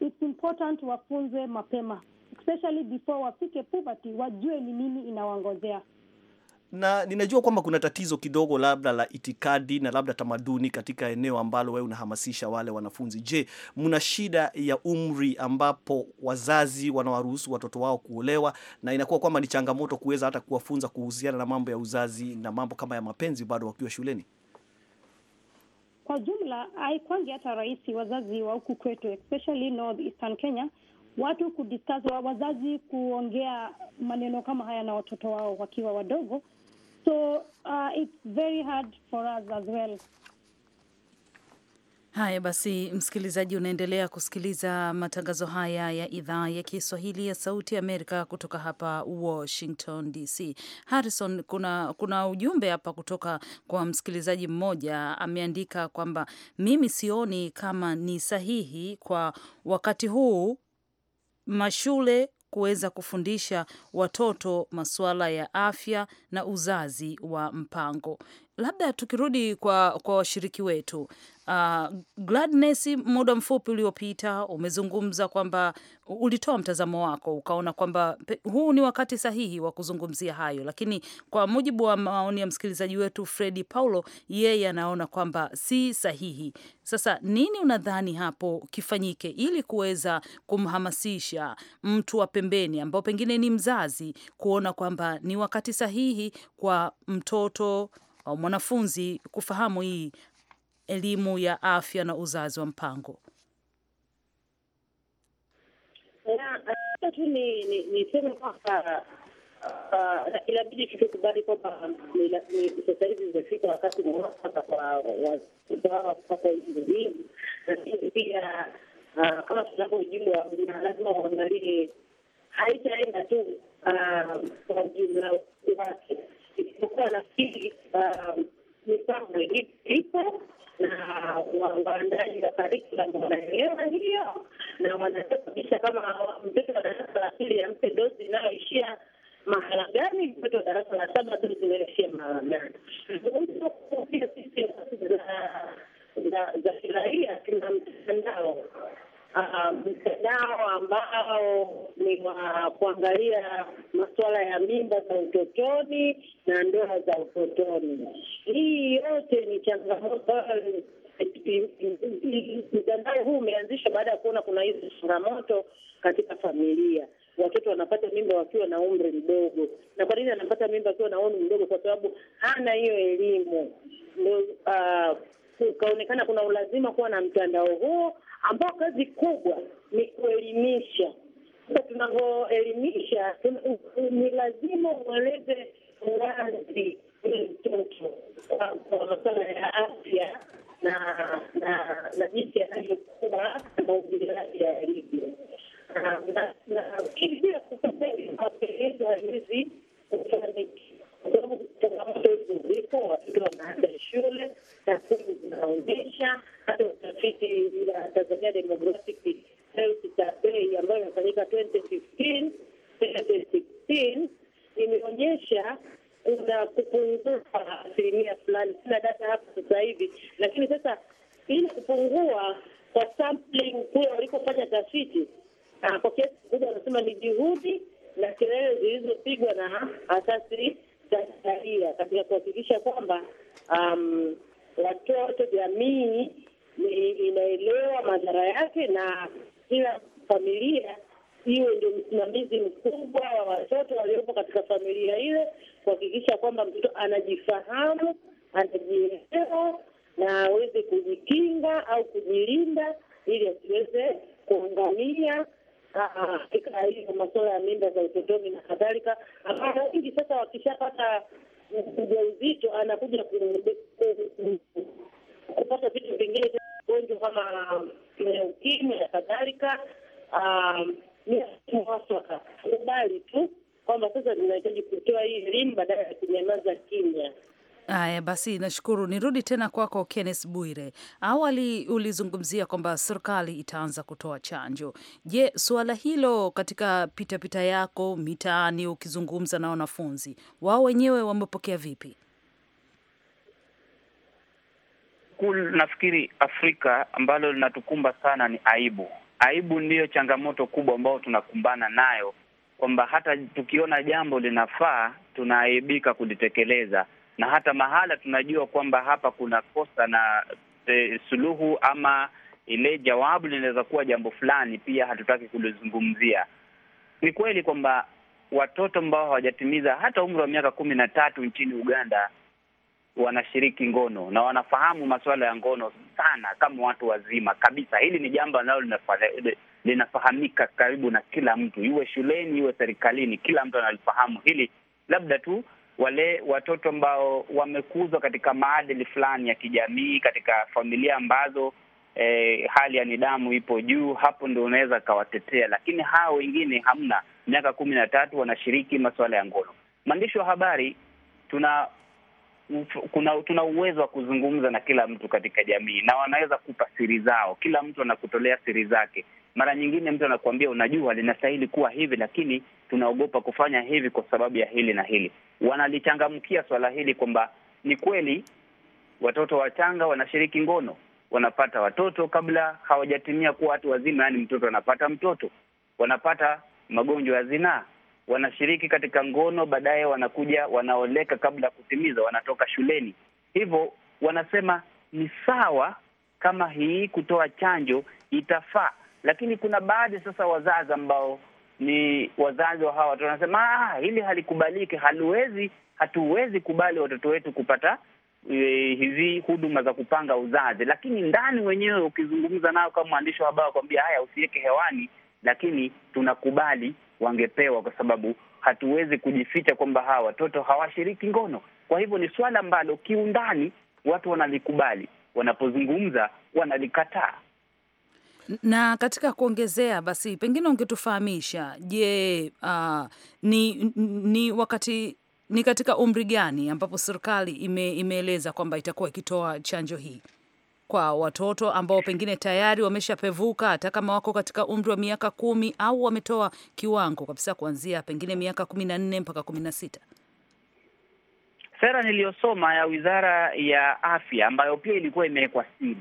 it's important wafunzwe mapema especially before wafike puberty, wajue ni nini inawaongozea na ninajua kwamba kuna tatizo kidogo labda la itikadi na labda tamaduni katika eneo ambalo wewe unahamasisha wale wanafunzi. Je, mna shida ya umri ambapo wazazi wanawaruhusu watoto wao kuolewa na inakuwa kwamba ni changamoto kuweza hata kuwafunza kuhusiana na mambo ya uzazi na mambo kama ya mapenzi bado wakiwa shuleni? Kwa jumla haikwangi hata rahisi wazazi wa huku kwetu, especially north eastern Kenya, watu kudiscuss, wazazi kuongea maneno kama haya na watoto wao wakiwa wadogo, so uh, it's very hard for us as well Haya basi, msikilizaji, unaendelea kusikiliza matangazo haya ya idhaa ya Kiswahili ya Sauti ya Amerika kutoka hapa Washington DC. Harrison, kuna, kuna ujumbe hapa kutoka kwa msikilizaji mmoja ameandika kwamba mimi sioni kama ni sahihi kwa wakati huu mashule kuweza kufundisha watoto masuala ya afya na uzazi wa mpango labda tukirudi kwa kwa washiriki wetu uh, Gladness, muda mfupi uliopita umezungumza kwamba ulitoa mtazamo wako, ukaona kwamba huu ni wakati sahihi wa kuzungumzia hayo, lakini kwa mujibu wa maoni ya msikilizaji wetu Fredi Paulo, yeye anaona kwamba si sahihi. Sasa nini unadhani hapo kifanyike ili kuweza kumhamasisha mtu wa pembeni ambao pengine ni mzazi kuona kwamba ni wakati sahihi kwa mtoto mwanafunzi kufahamu hii elimu ya afya na uzazi wa mpango? Tu niseme kwamba ah, ah, inabidi tukubali kwamba sasa hivi zimefika wakati mwafaka kwa wazazi kupata hizo lakini pia ah, kama tunavyojua lazima uangalie haitaenda tu kwa ujumla wake isipokuwa nafikiri mipango um, ipo na waandaaji wa karikulam wanaelewa hiyo, na wanajua kabisa kama mtoto wa darasa la pili ampe dozi inayoishia mahala gani, mtoto wa darasa la saba dozi inayoishia mahala gani. Sisi za kiraia tuna mtandao Ah, mtandao uh, ambao ni wa kuangalia masuala ya mimba za utotoni na ndoa za utotoni. Hii yote ni changamoto. Mtandao huu umeanzishwa baada ya kuona kuna hizi changamoto katika familia watoto wanapata mimba wakiwa na umri mdogo. Na kwa nini anapata mimba akiwa na umri mdogo? Kwa sababu hana hiyo elimu. Ndo uh, ah, ukaonekana kuna ulazima kuwa na mtandao huo ambao kazi kubwa ni kuelimisha. Sasa tunavyoelimisha, ni lazima ueleze wazi mtoto kwa masuala ya afya na na jinsi yanavyokuwa mazingira yake yalivyo, na kivile kupeleza hawezi kufanikiwa kwa sababu changamoto hizi zipo, watoto wanaanza shule, takwimu zinaonyesha hata utafiti wa Tanzania Demographic Health Survey ambayo inafanyika 2015 2016 basi nashukuru. Nirudi tena kwako Kenneth Bwire. Awali ulizungumzia kwamba serikali itaanza kutoa chanjo. Je, suala hilo katika pitapita pita yako mitaani, ukizungumza na wanafunzi, wao wenyewe wamepokea vipi? Nafikiri Afrika ambalo linatukumba sana ni aibu. Aibu ndiyo changamoto kubwa ambayo tunakumbana nayo, kwamba hata tukiona jambo linafaa tunaaibika kulitekeleza na hata mahala tunajua kwamba hapa kuna kosa na e, suluhu ama ile jawabu linaweza kuwa jambo fulani, pia hatutaki kulizungumzia. Ni kweli kwamba watoto ambao hawajatimiza hata umri wa miaka kumi na tatu nchini Uganda wanashiriki ngono na wanafahamu masuala ya ngono sana kama watu wazima kabisa. Hili ni jambo ambalo linafahamika karibu na kila mtu, iwe shuleni, iwe serikalini, kila mtu analifahamu hili, labda tu wale watoto ambao wamekuzwa katika maadili fulani ya kijamii, katika familia ambazo eh, hali ya nidhamu ipo juu, hapo ndio unaweza kawatetea, lakini hawa wengine hamna. Miaka kumi na tatu wanashiriki masuala ya ngono. Mwandishi wa habari tuna kuna tuna uwezo wa kuzungumza na kila mtu katika jamii, na wanaweza kupa siri zao. Kila mtu anakutolea siri zake, mara nyingine mtu anakuambia, unajua linastahili kuwa hivi, lakini tunaogopa kufanya hivi kwa sababu ya hili na hili. Wanalichangamkia swala hili kwamba ni kweli watoto wachanga wanashiriki ngono, wanapata watoto kabla hawajatimia kuwa watu wazima, yaani mtoto anapata mtoto, wanapata magonjwa ya zinaa, wanashiriki katika ngono, baadaye wanakuja wanaoleka kabla ya kutimiza, wanatoka shuleni. Hivyo wanasema ni sawa kama hii kutoa chanjo itafaa, lakini kuna baadhi sasa wazazi ambao ni wazazi wa hawa watoto wanasema, ah, hili halikubaliki, haliwezi, hatuwezi kubali watoto wetu kupata e, hizi huduma za kupanga uzazi. Lakini ndani wenyewe ukizungumza nao kama mwandishi wa habari, wakwambia haya, usiweke hewani, lakini tunakubali, wangepewa kwa sababu hatuwezi kujificha kwamba hawa watoto hawashiriki ngono. Kwa hivyo ni swala ambalo kiundani watu wanalikubali, wanapozungumza wanalikataa. Na katika kuongezea basi, pengine ungetufahamisha, je, uh, ni, ni wakati ni katika umri gani ambapo serikali ime, imeeleza kwamba itakuwa ikitoa chanjo hii kwa watoto ambao pengine tayari wameshapevuka hata kama wako katika umri wa miaka kumi au wametoa kiwango kabisa kuanzia pengine miaka kumi na nne mpaka kumi na sita? Sera niliyosoma ya Wizara ya Afya ambayo pia ilikuwa imewekwa siri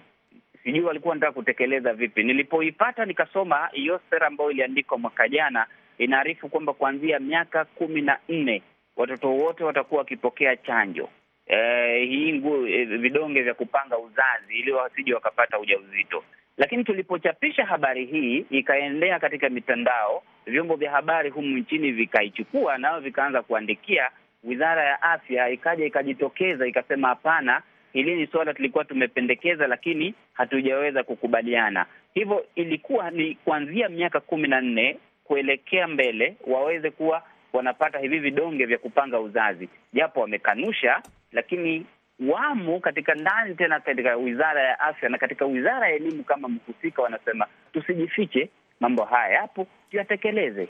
sijui walikuwa nataka kutekeleza vipi. Nilipoipata nikasoma hiyo sera ambayo iliandikwa mwaka jana, inaarifu kwamba kuanzia miaka kumi na nne watoto wote watakuwa wakipokea chanjo eh, hii ngu, eh, vidonge vya kupanga uzazi ili wasije wakapata ujauzito. Lakini tulipochapisha habari hii ikaendea katika mitandao, vyombo vya habari humu nchini vikaichukua, nao vikaanza kuandikia wizara ya afya, ikaja ikajitokeza ikasema hapana hili ni suala tulikuwa tumependekeza, lakini hatujaweza kukubaliana. Hivyo ilikuwa ni kuanzia miaka kumi na nne kuelekea mbele waweze kuwa wanapata hivi vidonge vya kupanga uzazi, japo wamekanusha, lakini wamo katika ndani tena katika wizara ya afya na katika wizara ya elimu kama mhusika, wanasema tusijifiche, mambo haya yapo, tuyatekeleze.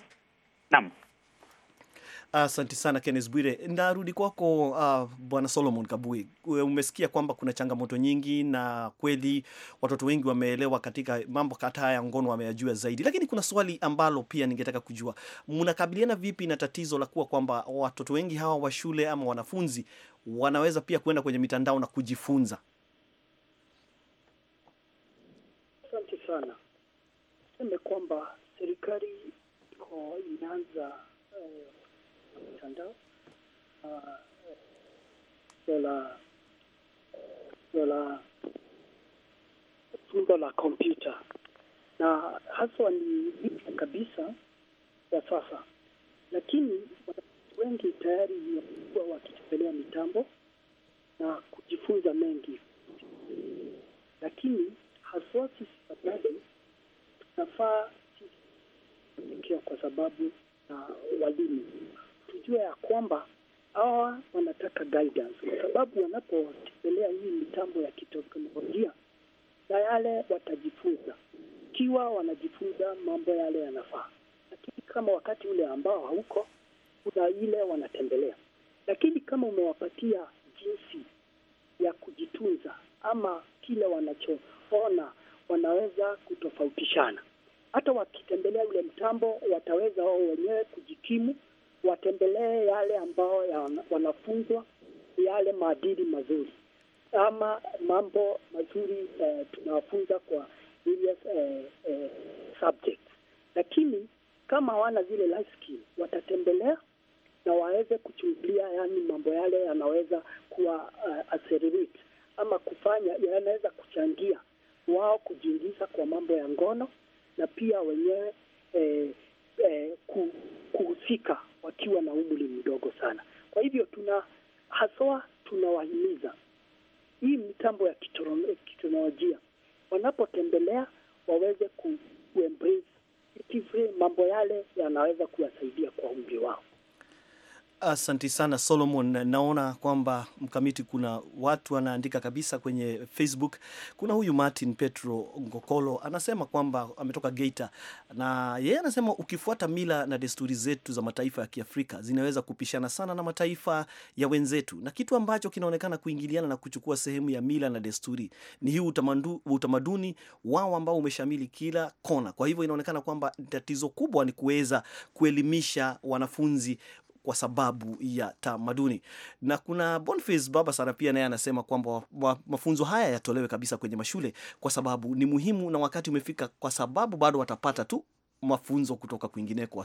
Naam. Asante sana kennes Bwire, narudi kwako uh, bwana Solomon Kabui. Umesikia kwamba kuna changamoto nyingi, na kweli watoto wengi wameelewa katika mambo kata haya ngono wameyajua zaidi, lakini kuna swali ambalo pia ningetaka kujua, mnakabiliana vipi na tatizo la kuwa kwamba watoto wengi hawa wa shule ama wanafunzi wanaweza pia kuenda kwenye mitandao na kujifunza? Asante sana, seme kwamba serikali iko inaanza eh, mtandao la la fundo la kompyuta na haswa ni hivyo kabisa ya sasa, lakini wengi tayari wamekuwa wakitembelea mitambo na kujifunza mengi, lakini haswa sisi wazazi tunafaa sisi kwa sababu na walimu tujue ya kwamba hawa wanataka guidance, kwa sababu wanapotembelea hii mitambo ya kiteknolojia na yale watajifunza, ikiwa wanajifunza mambo yale yanafaa, lakini kama wakati ule ambao hauko, kuna ile wanatembelea. Lakini kama umewapatia jinsi ya kujitunza ama kile wanachoona, wanaweza kutofautishana. Hata wakitembelea ule mtambo, wataweza wao wenyewe kujikimu watembelee yale ambao ya wanafunzwa yale maadili mazuri ama mambo mazuri eh, tunawafunza kwa various eh, eh, subject, lakini kama hawana zile life skill watatembelea na waweze kuchungulia, yani mambo yale yanaweza kuwa uh, ama kufanya yanaweza kuchangia wao kujiingiza kwa mambo ya ngono na pia wenyewe eh, eh, kuhusika wakiwa na umri mdogo sana. Kwa hivyo tuna haswa tunawahimiza hii mitambo ya kiteknolojia wanapotembelea waweze ku, embrace mambo yale yanaweza kuwasaidia kwa umri wao. Asanti sana Solomon, naona kwamba mkamiti, kuna watu wanaandika kabisa kwenye Facebook. Kuna huyu Martin Petro Ngokolo anasema kwamba ametoka Geita, na yeye anasema ukifuata mila na desturi zetu za mataifa ya Kiafrika zinaweza kupishana sana na mataifa ya wenzetu, na kitu ambacho kinaonekana kuingiliana na kuchukua sehemu ya mila na desturi ni hii utamaduni wao ambao umeshamili kila kona. Kwa hivyo inaonekana kwamba tatizo kubwa ni kuweza kuelimisha wanafunzi kwa sababu ya tamaduni. Na kuna Boniface Baba sana pia naye anasema kwamba mafunzo haya yatolewe kabisa kwenye mashule, kwa sababu ni muhimu na wakati umefika, kwa sababu bado watapata tu mafunzo kutoka kwingineko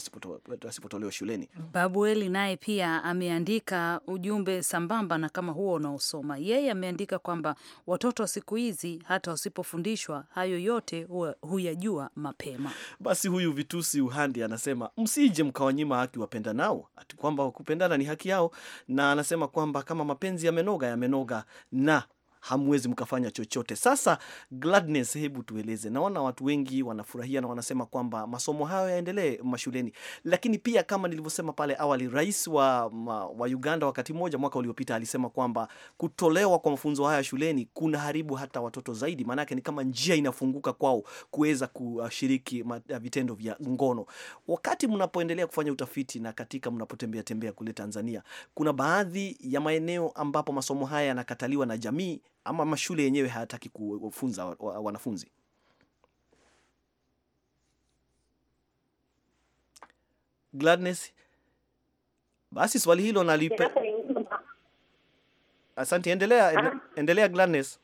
wasipotolewa shuleni. Babueli naye pia ameandika ujumbe sambamba na kama huo unaosoma yeye. Ameandika kwamba watoto wa siku hizi hata wasipofundishwa hayo yote huyajua mapema. Basi huyu Vitusi Uhandi anasema msije mkawanyima haki wapenda nao, ati kwamba kupendana ni haki yao, na anasema kwamba kama mapenzi yamenoga, yamenoga na hamwezi mkafanya chochote. Sasa Gladness, hebu tueleze, naona watu wengi wanafurahia na wanasema kwamba masomo hayo yaendelee mashuleni, lakini pia kama nilivyosema pale awali, rais wa, wa Uganda wakati mmoja mwaka uliopita alisema kwamba kutolewa kwa mafunzo haya shuleni kuna haribu hata watoto zaidi, maanake ni kama njia inafunguka kwao kuweza kushiriki eh, vitendo vya ngono. Wakati mnapoendelea kufanya utafiti na katika mnapotembea tembea kule Tanzania, kuna baadhi ya maeneo ambapo masomo haya yanakataliwa na jamii ama mashule yenyewe hayataki kufunza wanafunzi? Gladness, basi swali hilo nalipe. Asante, endelea, ah. endelea Gladness.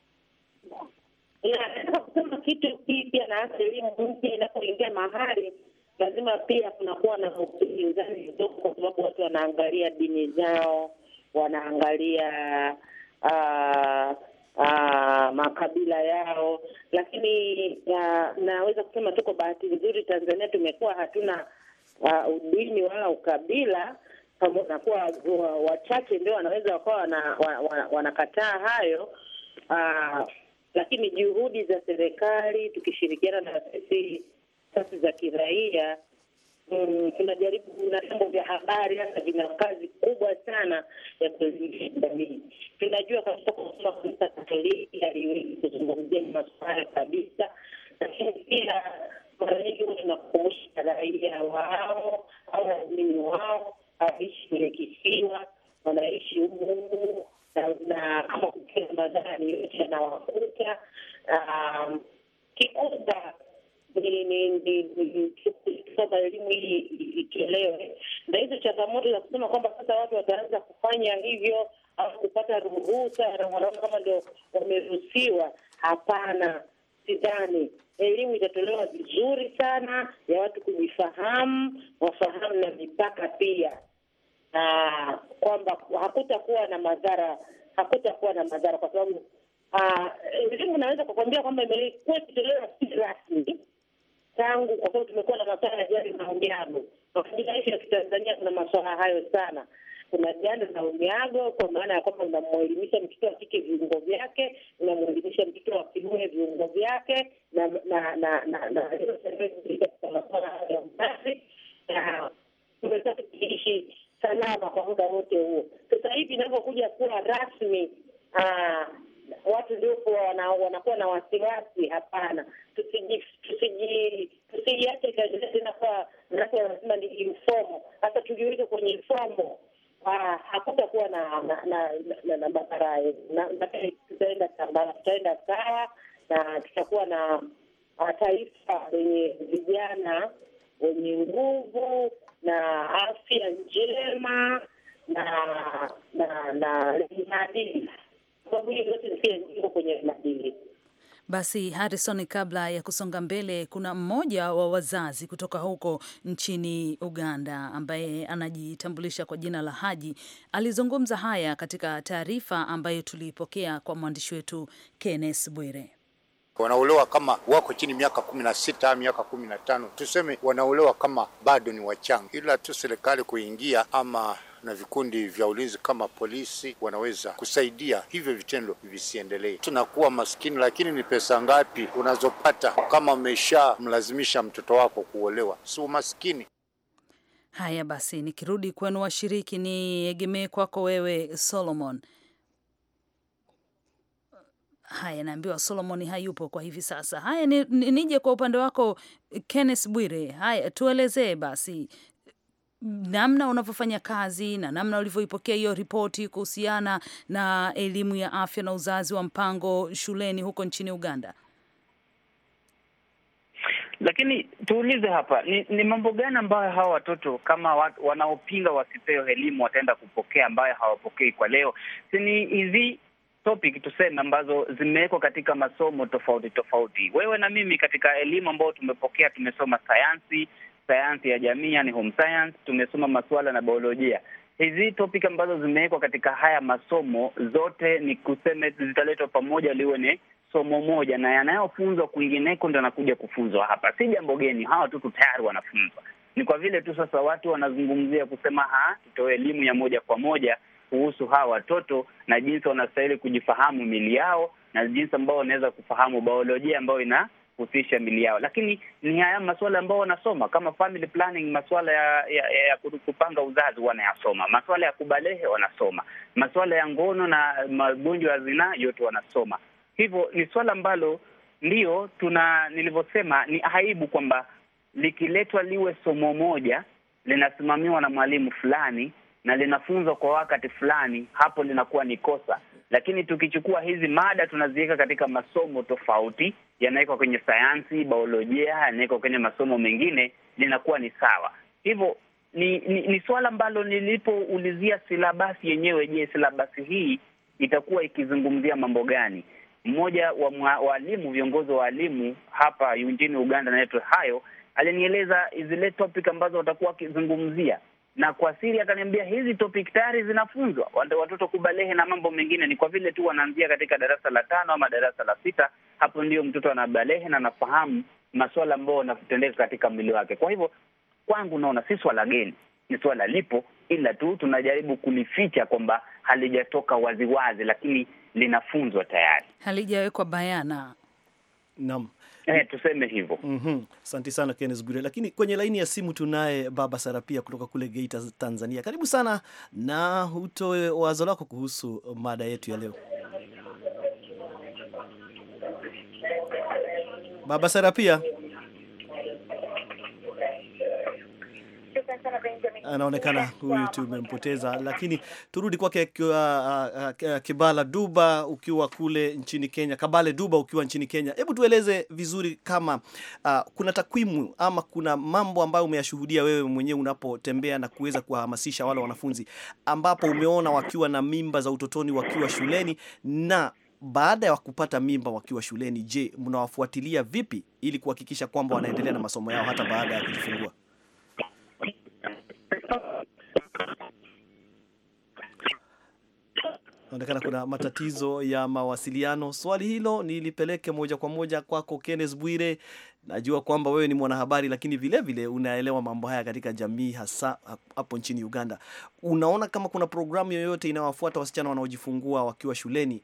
kitu kipya na elimu mpya inapoingia mahali lazima pia kunakuwa na upinzani mdogo, kwa sababu watu wanaangalia dini zao, wanaangalia uh, uh, makabila yao, lakini uh, naweza kusema tuko bahati nzuri Tanzania tumekuwa hatuna uh, udini wala ukabila na kuwa wachache ndio wanaweza wakawa wanakataa wana, wana, hayo uh, lakini juhudi za serikali tukishirikiana na taasisi za kiraia Mm, tunajaribu na vyombo vya habari hasa vina kazi kubwa sana ya kuelimisha jamii. Tunajua kabisa kwamba kanisa Katoliki haliwezi kuzungumzia masuala kabisa, lakini pia mara nyingi huwa tunakumbusha raia wao au waumini wao hawaishi kwenye kisiwa, wanaishi humu na kama kukia madhara yoyote yanawakuta um, kikubwa sasa elimu hii itolewe, na hizo changamoto za kusema kwamba sasa watu wataanza kufanya hivyo au kupata ruhusa na wanaona kama ndio wameruhusiwa. Hapana, sidhani. Elimu itatolewa vizuri sana ya watu kujifahamu, wafahamu na mipaka pia, na kwamba hakutakuwa na madhara, hakutakuwa na madhara kwa sababu ah, elimu, naweza kukwambia kwamba imekuwa ikitolewa si rasmi tangu kwa sababu tumekuwa na masuala ya jando na unyago katika nchi ya Kitanzania. Kuna masuala hayo sana, kuna jando na unyago, kwa maana ya kwamba unamwelimisha mtoto wa kike viungo vyake, unamwelimisha mtoto wa kiume viungo vyake, na na na na na masuala ya uzazi, na tumetaka kuishi salama kwa muda wote huo. Sasa hivi inavyokuja kuwa rasmi ah, watu ndio wanakuwa na wasiwasi. Hapana, tusijiache lazima ni mfomo Sasa tujiweke kwenye informo, hakutakuwa na madhara, tutaenda tutaenda sawa na tutakuwa na taifa lenye vijana wenye nguvu na afya njema na na na maadili sababu hiyo yote pia iko kwenye Basi Harrison, kabla ya kusonga mbele, kuna mmoja wa wazazi kutoka huko nchini Uganda ambaye anajitambulisha kwa jina la Haji. Alizungumza haya katika taarifa ambayo tuliipokea kwa mwandishi wetu Kenneth Bwire. Wanaolewa kama wako chini miaka kumi na sita miaka kumi na tano tuseme wanaolewa kama bado ni wachanga, ila tu serikali kuingia ama na vikundi vya ulinzi kama polisi wanaweza kusaidia hivyo vitendo visiendelee. Tunakuwa maskini, lakini ni pesa ngapi unazopata kama umeshamlazimisha mtoto wako kuolewa? Si umaskini? Haya basi, nikirudi kwenu washiriki, niegemee kwako wewe Solomon. Haya, naambiwa Solomon hayupo kwa hivi sasa. Haya, nije kwa upande wako Kenneth Bwire. Haya, tuelezee basi namna unavyofanya kazi na namna ulivyoipokea hiyo ripoti kuhusiana na elimu ya afya na uzazi wa mpango shuleni huko nchini Uganda. Lakini tuulize hapa, ni, ni mambo gani ambayo hawa watoto kama wat, wanaopinga wasipeo elimu wataenda kupokea ambayo hawapokei kwa leo? Si ni hizi topic tuseme, ambazo zimewekwa katika masomo tofauti tofauti. Wewe na mimi katika elimu ambayo tumepokea tumesoma sayansi sayansi ya jamii, yani home science, tumesoma masuala na biolojia. Hizi topic ambazo zimewekwa katika haya masomo zote ni kuseme zitaletwa pamoja liwe ni somo moja, na yanayofunzwa kwingineko ndo anakuja kufunzwa hapa. Si jambo geni, hawa watoto tayari wanafunzwa. Ni kwa vile tu sasa watu wanazungumzia kusema ha, tutoe elimu ya moja kwa moja kuhusu hawa watoto na jinsi wanastahili kujifahamu mili yao na jinsi ambao wanaweza kufahamu biolojia ambayo ina kuhusisha mili yao, lakini ni haya masuala ambao wanasoma kama family planning, masuala ya, ya, ya kupanga uzazi wanayasoma, masuala ya kubalehe wanasoma, masuala ya ngono na magonjwa ya zinaa yote wanasoma. Hivyo ni swala ambalo ndiyo tuna nilivyosema, ni aibu kwamba likiletwa liwe somo moja linasimamiwa na mwalimu fulani na linafunzwa kwa wakati fulani, hapo linakuwa ni kosa. Lakini tukichukua hizi mada tunaziweka katika masomo tofauti, yanawekwa kwenye sayansi, biolojia, yanawekwa kwenye masomo mengine, linakuwa ni sawa. Hivyo ni, ni, ni swala ambalo nilipoulizia silabasi yenyewe, je, silabasi hii itakuwa ikizungumzia mambo gani? Mmoja wa waalimu viongozi wa walimu hapa nchini Uganda, naitwa Hayo, alinieleza zile topic ambazo watakuwa wakizungumzia na kwa siri akaniambia hizi topic tayari zinafunzwa watoto kubalehe na mambo mengine, ni kwa vile tu wanaanzia katika darasa la tano ama darasa la sita. Hapo ndio mtoto anabalehe na anafahamu masuala ambayo wanatendeka katika mwili wake. Kwa hivyo kwangu, naona si swala geni, ni swala lipo, ila tu tunajaribu kulificha kwamba halijatoka waziwazi, lakini linafunzwa tayari, halijawekwa bayana. Naam. Eh, tuseme hivyo. Mm-hmm. Asante sana Kenneth Gure. Lakini kwenye laini ya simu tunaye Baba Sarapia kutoka kule Geita, Tanzania. Karibu sana na utoe wazo lako kuhusu mada yetu ya leo. Baba Sarapia anaonekana huyu tumempoteza, lakini turudi kwake uh, uh, uh, Kibala Duba ukiwa kule nchini Kenya, Kabale Duba ukiwa nchini Kenya. Hebu tueleze vizuri kama uh, kuna takwimu ama kuna mambo ambayo umeyashuhudia wewe mwenyewe unapotembea na kuweza kuwahamasisha wale wanafunzi, ambapo umeona wakiwa na mimba za utotoni wakiwa shuleni na baada ya kupata mimba wakiwa shuleni. Je, mnawafuatilia vipi ili kuhakikisha kwamba wanaendelea na masomo yao hata baada ya kujifungua? Inaonekana kuna matatizo ya mawasiliano. Swali hilo nilipeleke moja kwa moja kwako Kenneth Bwire. Najua kwamba wewe ni mwanahabari, lakini vilevile vile unaelewa mambo haya katika jamii, hasa hapo nchini Uganda. Unaona kama kuna programu yoyote inayowafuata wasichana wanaojifungua wakiwa shuleni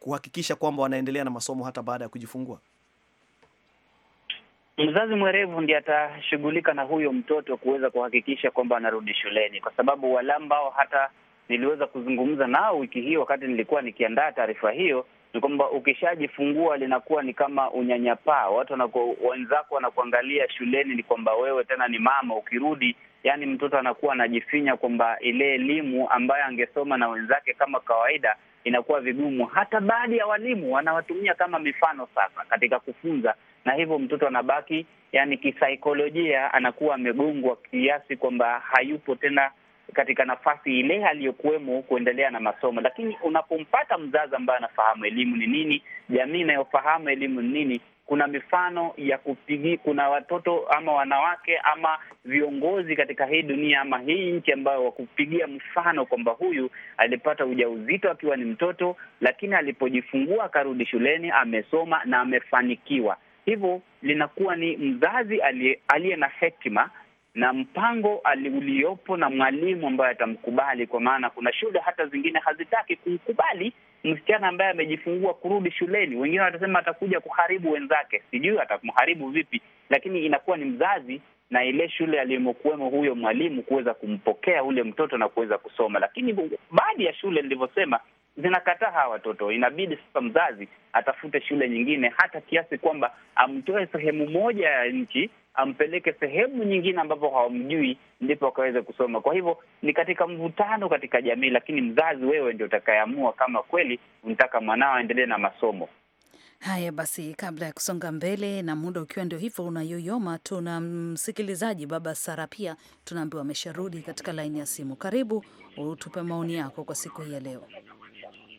kuhakikisha kwamba wanaendelea na masomo hata baada ya kujifungua? Mzazi mwerevu ndiye atashughulika na huyo mtoto kuweza kuhakikisha kwamba anarudi shuleni, kwa sababu wale ambao hata niliweza kuzungumza nao wiki hii wakati nilikuwa nikiandaa taarifa hiyo, ni kwamba ukishajifungua linakuwa ni kama unyanyapaa. Watu wenzako wanakuangalia shuleni, ni kwamba wewe tena ni mama. Ukirudi yaani mtoto anakuwa anajifinya kwamba ile elimu ambayo angesoma na wenzake kama kawaida inakuwa vigumu. Hata baadhi ya walimu wanawatumia kama mifano sasa katika kufunza, na hivyo mtoto anabaki, yani kisaikolojia, anakuwa amegongwa kiasi kwamba hayupo tena katika nafasi ile aliyokuwemo kuendelea na masomo. Lakini unapompata mzazi ambaye anafahamu elimu ni nini, jamii inayofahamu elimu ni nini, kuna mifano ya kupigi, kuna watoto ama wanawake ama viongozi katika hii dunia ama hii nchi ambayo wakupigia mfano kwamba huyu alipata ujauzito akiwa ni mtoto, lakini alipojifungua akarudi shuleni, amesoma na amefanikiwa. Hivyo linakuwa ni mzazi aliye na hekima na mpango uliopo na mwalimu ambaye atamkubali, kwa maana kuna shule hata zingine hazitaki kumkubali msichana ambaye amejifungua kurudi shuleni. Wengine watasema atakuja kuharibu wenzake, sijui atamharibu vipi, lakini inakuwa ni mzazi na ile shule alimokuwemo huyo mwalimu kuweza kumpokea ule mtoto na kuweza kusoma. Lakini baadhi ya shule nilivyosema zinakataa hawa watoto, inabidi sasa mzazi atafute shule nyingine, hata kiasi kwamba amtoe sehemu moja ya nchi ampeleke sehemu nyingine ambapo hawamjui, ndipo akaweze kusoma. Kwa hivyo ni katika mvutano katika jamii, lakini mzazi wewe ndio utakayeamua kama kweli unataka mwanao aendelee na masomo. Haya basi, kabla ya kusonga mbele na muda ukiwa ndio hivyo unayoyoma, tuna msikilizaji baba Sara pia tunaambiwa amesharudi katika laini ya simu. Karibu utupe maoni yako kwa siku hii ya leo.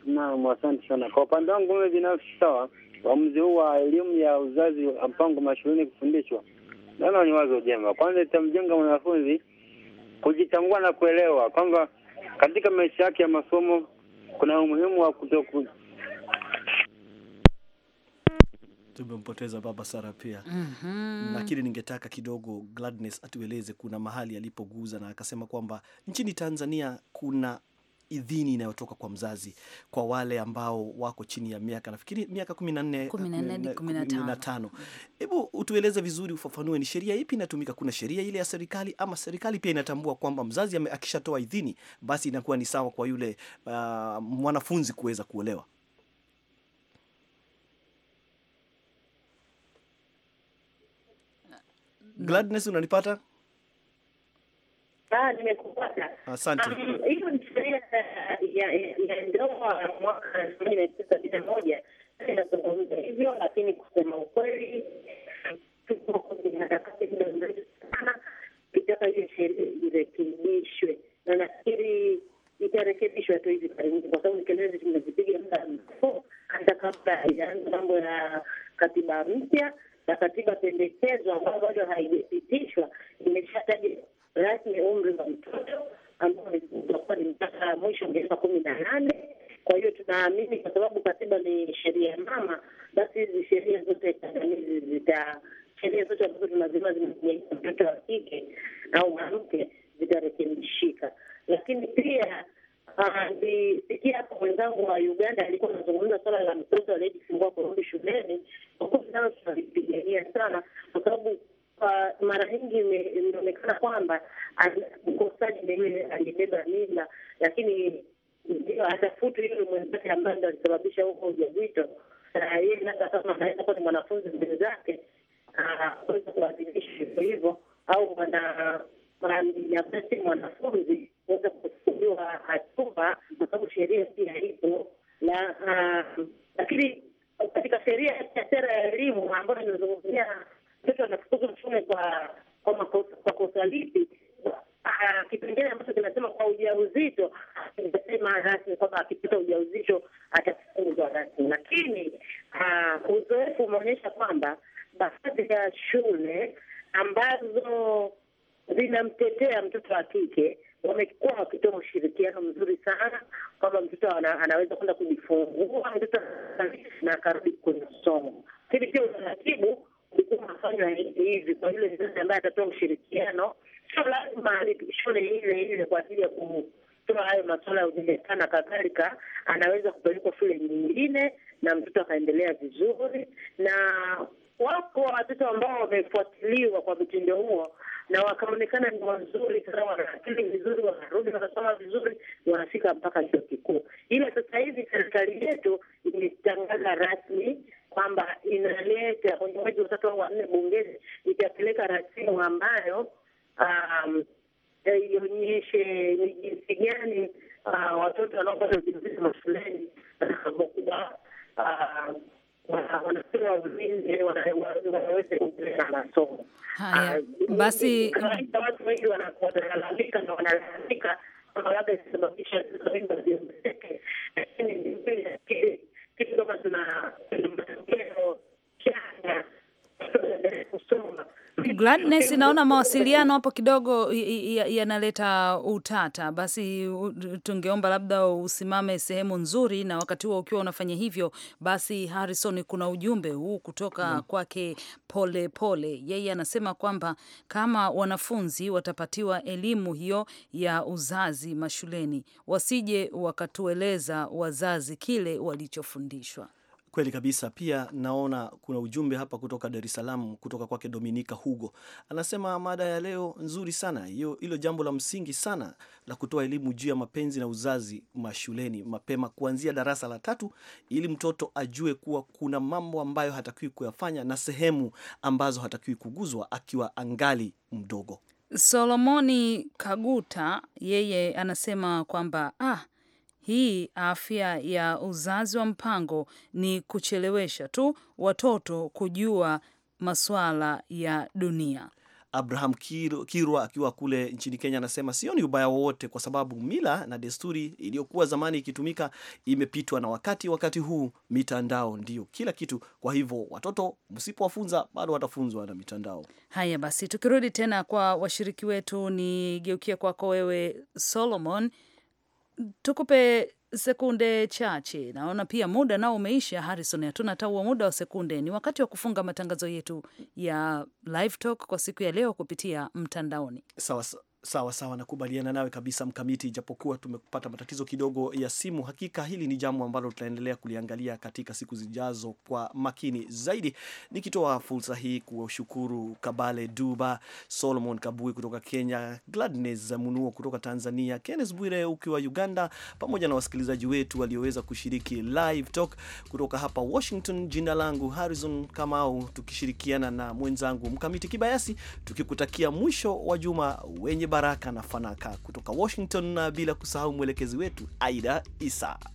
Naam, asante sana. Kwa upande wangu mimi binafsi, sawa, uamuzi huu wa elimu ya uzazi, wa mpango mashuleni kufundishwa Naona ni wazo jema, kwanza itamjenga mwanafunzi kujitambua na kuelewa kwamba katika maisha yake ya masomo kuna umuhimu wa kutoku tumempoteza baba Sara pia mm -hmm. Lakini ningetaka kidogo Gladness atueleze kuna mahali alipoguza na akasema kwamba nchini Tanzania kuna idhini inayotoka kwa mzazi kwa wale ambao wako chini ya miaka nafikiri miaka 14 na tano. Hebu utueleze vizuri, ufafanue ni sheria ipi inatumika. Kuna sheria ile ya serikali ama serikali pia inatambua kwamba mzazi akishatoa idhini basi inakuwa ni sawa kwa yule uh, mwanafunzi kuweza kuolewa? Gladness, unanipata? Ah, Asante. Um, ya ndoa mwaka elfu moja mia tisa sabini na moja inazungumza hivyo, lakini kusema ukweli, tuko kwenye harakati muda mrefu sana kitaka hiyo sheria irekebishwe, na nafikiri itarekebishwa tu hivi karibuni, kwa sababu kelele tumezipiga muda mrefu, hata kabla haijaanza mambo ya katiba mpya na katiba pendekezo ambayo bado haijapitishwa kadhalika, anaweza kupelekwa shule nyingine na mtoto akaendelea vizuri. Na wako watoto ambao wamefuatiliwa kwa mtindo huo na wakaonekana ni wazuri sana, wanaakili vizuri, wanarudi wanasoma vizuri, wanafika mpaka chuo kikuu. Ila sasa hivi serikali yetu imetangaza rasmi kwamba inaleta kwenye mwezi wa tatu au wanne bungeni itapeleka rasimu ambayo um, ionyeshe ni jinsi gani Ah, watoto wanaopata ujauzito mashuleni kubwa ah, Haya ah, basi, watu wengi wanalalamika na wanalalamika kwamba labda isababisha lakini kitu kama tuna matokeo chanya Gladness, naona mawasiliano hapo kidogo yanaleta utata. Basi tungeomba labda usimame sehemu nzuri, na wakati huo ukiwa unafanya hivyo, basi Harrison, kuna ujumbe huu kutoka mm, kwake Pole Pole. Yeye anasema kwamba kama wanafunzi watapatiwa elimu hiyo ya uzazi mashuleni, wasije wakatueleza wazazi kile walichofundishwa. Kweli kabisa. Pia naona kuna ujumbe hapa kutoka Dar es Salaam, kutoka kwake Dominika Hugo, anasema mada ya leo nzuri sana hiyo, hilo jambo la msingi sana la kutoa elimu juu ya mapenzi na uzazi mashuleni mapema kuanzia darasa la tatu, ili mtoto ajue kuwa kuna mambo ambayo hatakiwi kuyafanya na sehemu ambazo hatakiwi kuguzwa akiwa angali mdogo. Solomoni Kaguta yeye anasema kwamba ah, hii afya ya uzazi wa mpango ni kuchelewesha tu watoto kujua masuala ya dunia. Abraham Kirwa akiwa kule nchini Kenya anasema sioni ubaya wowote, kwa sababu mila na desturi iliyokuwa zamani ikitumika imepitwa na wakati. Wakati huu mitandao ndio kila kitu, kwa hivyo watoto msipowafunza bado watafunzwa na mitandao. Haya basi, tukirudi tena kwa washiriki wetu, nigeukie kwako wewe Solomon tukupe sekunde chache, naona pia muda nao umeisha. Harrison, hatuna hata huo muda wa sekunde. Ni wakati wa kufunga matangazo yetu ya Live Talk kwa siku ya leo kupitia mtandaoni. Sawa sawa. Sawa sawa, nakubaliana nawe kabisa Mkamiti, ijapokuwa tumepata matatizo kidogo ya simu. Hakika hili ni jambo ambalo tutaendelea kuliangalia katika siku zijazo kwa makini zaidi. Nikitoa fursa hii kuwashukuru Kabale Duba, Solomon Kabui kutoka Kenya, Gladness Zamunuo kutoka Tanzania, Kenneth Bwire ukiwa Uganda, pamoja na wasikilizaji wetu walioweza kushiriki live talk kutoka hapa Washington. Jina langu Harrison Kamau, tukishirikiana na mwenzangu Mkamiti Kibayasi, tukikutakia mwisho wa juma wenye Baraka na Fanaka kutoka Washington, na bila kusahau mwelekezi wetu Aida Isa.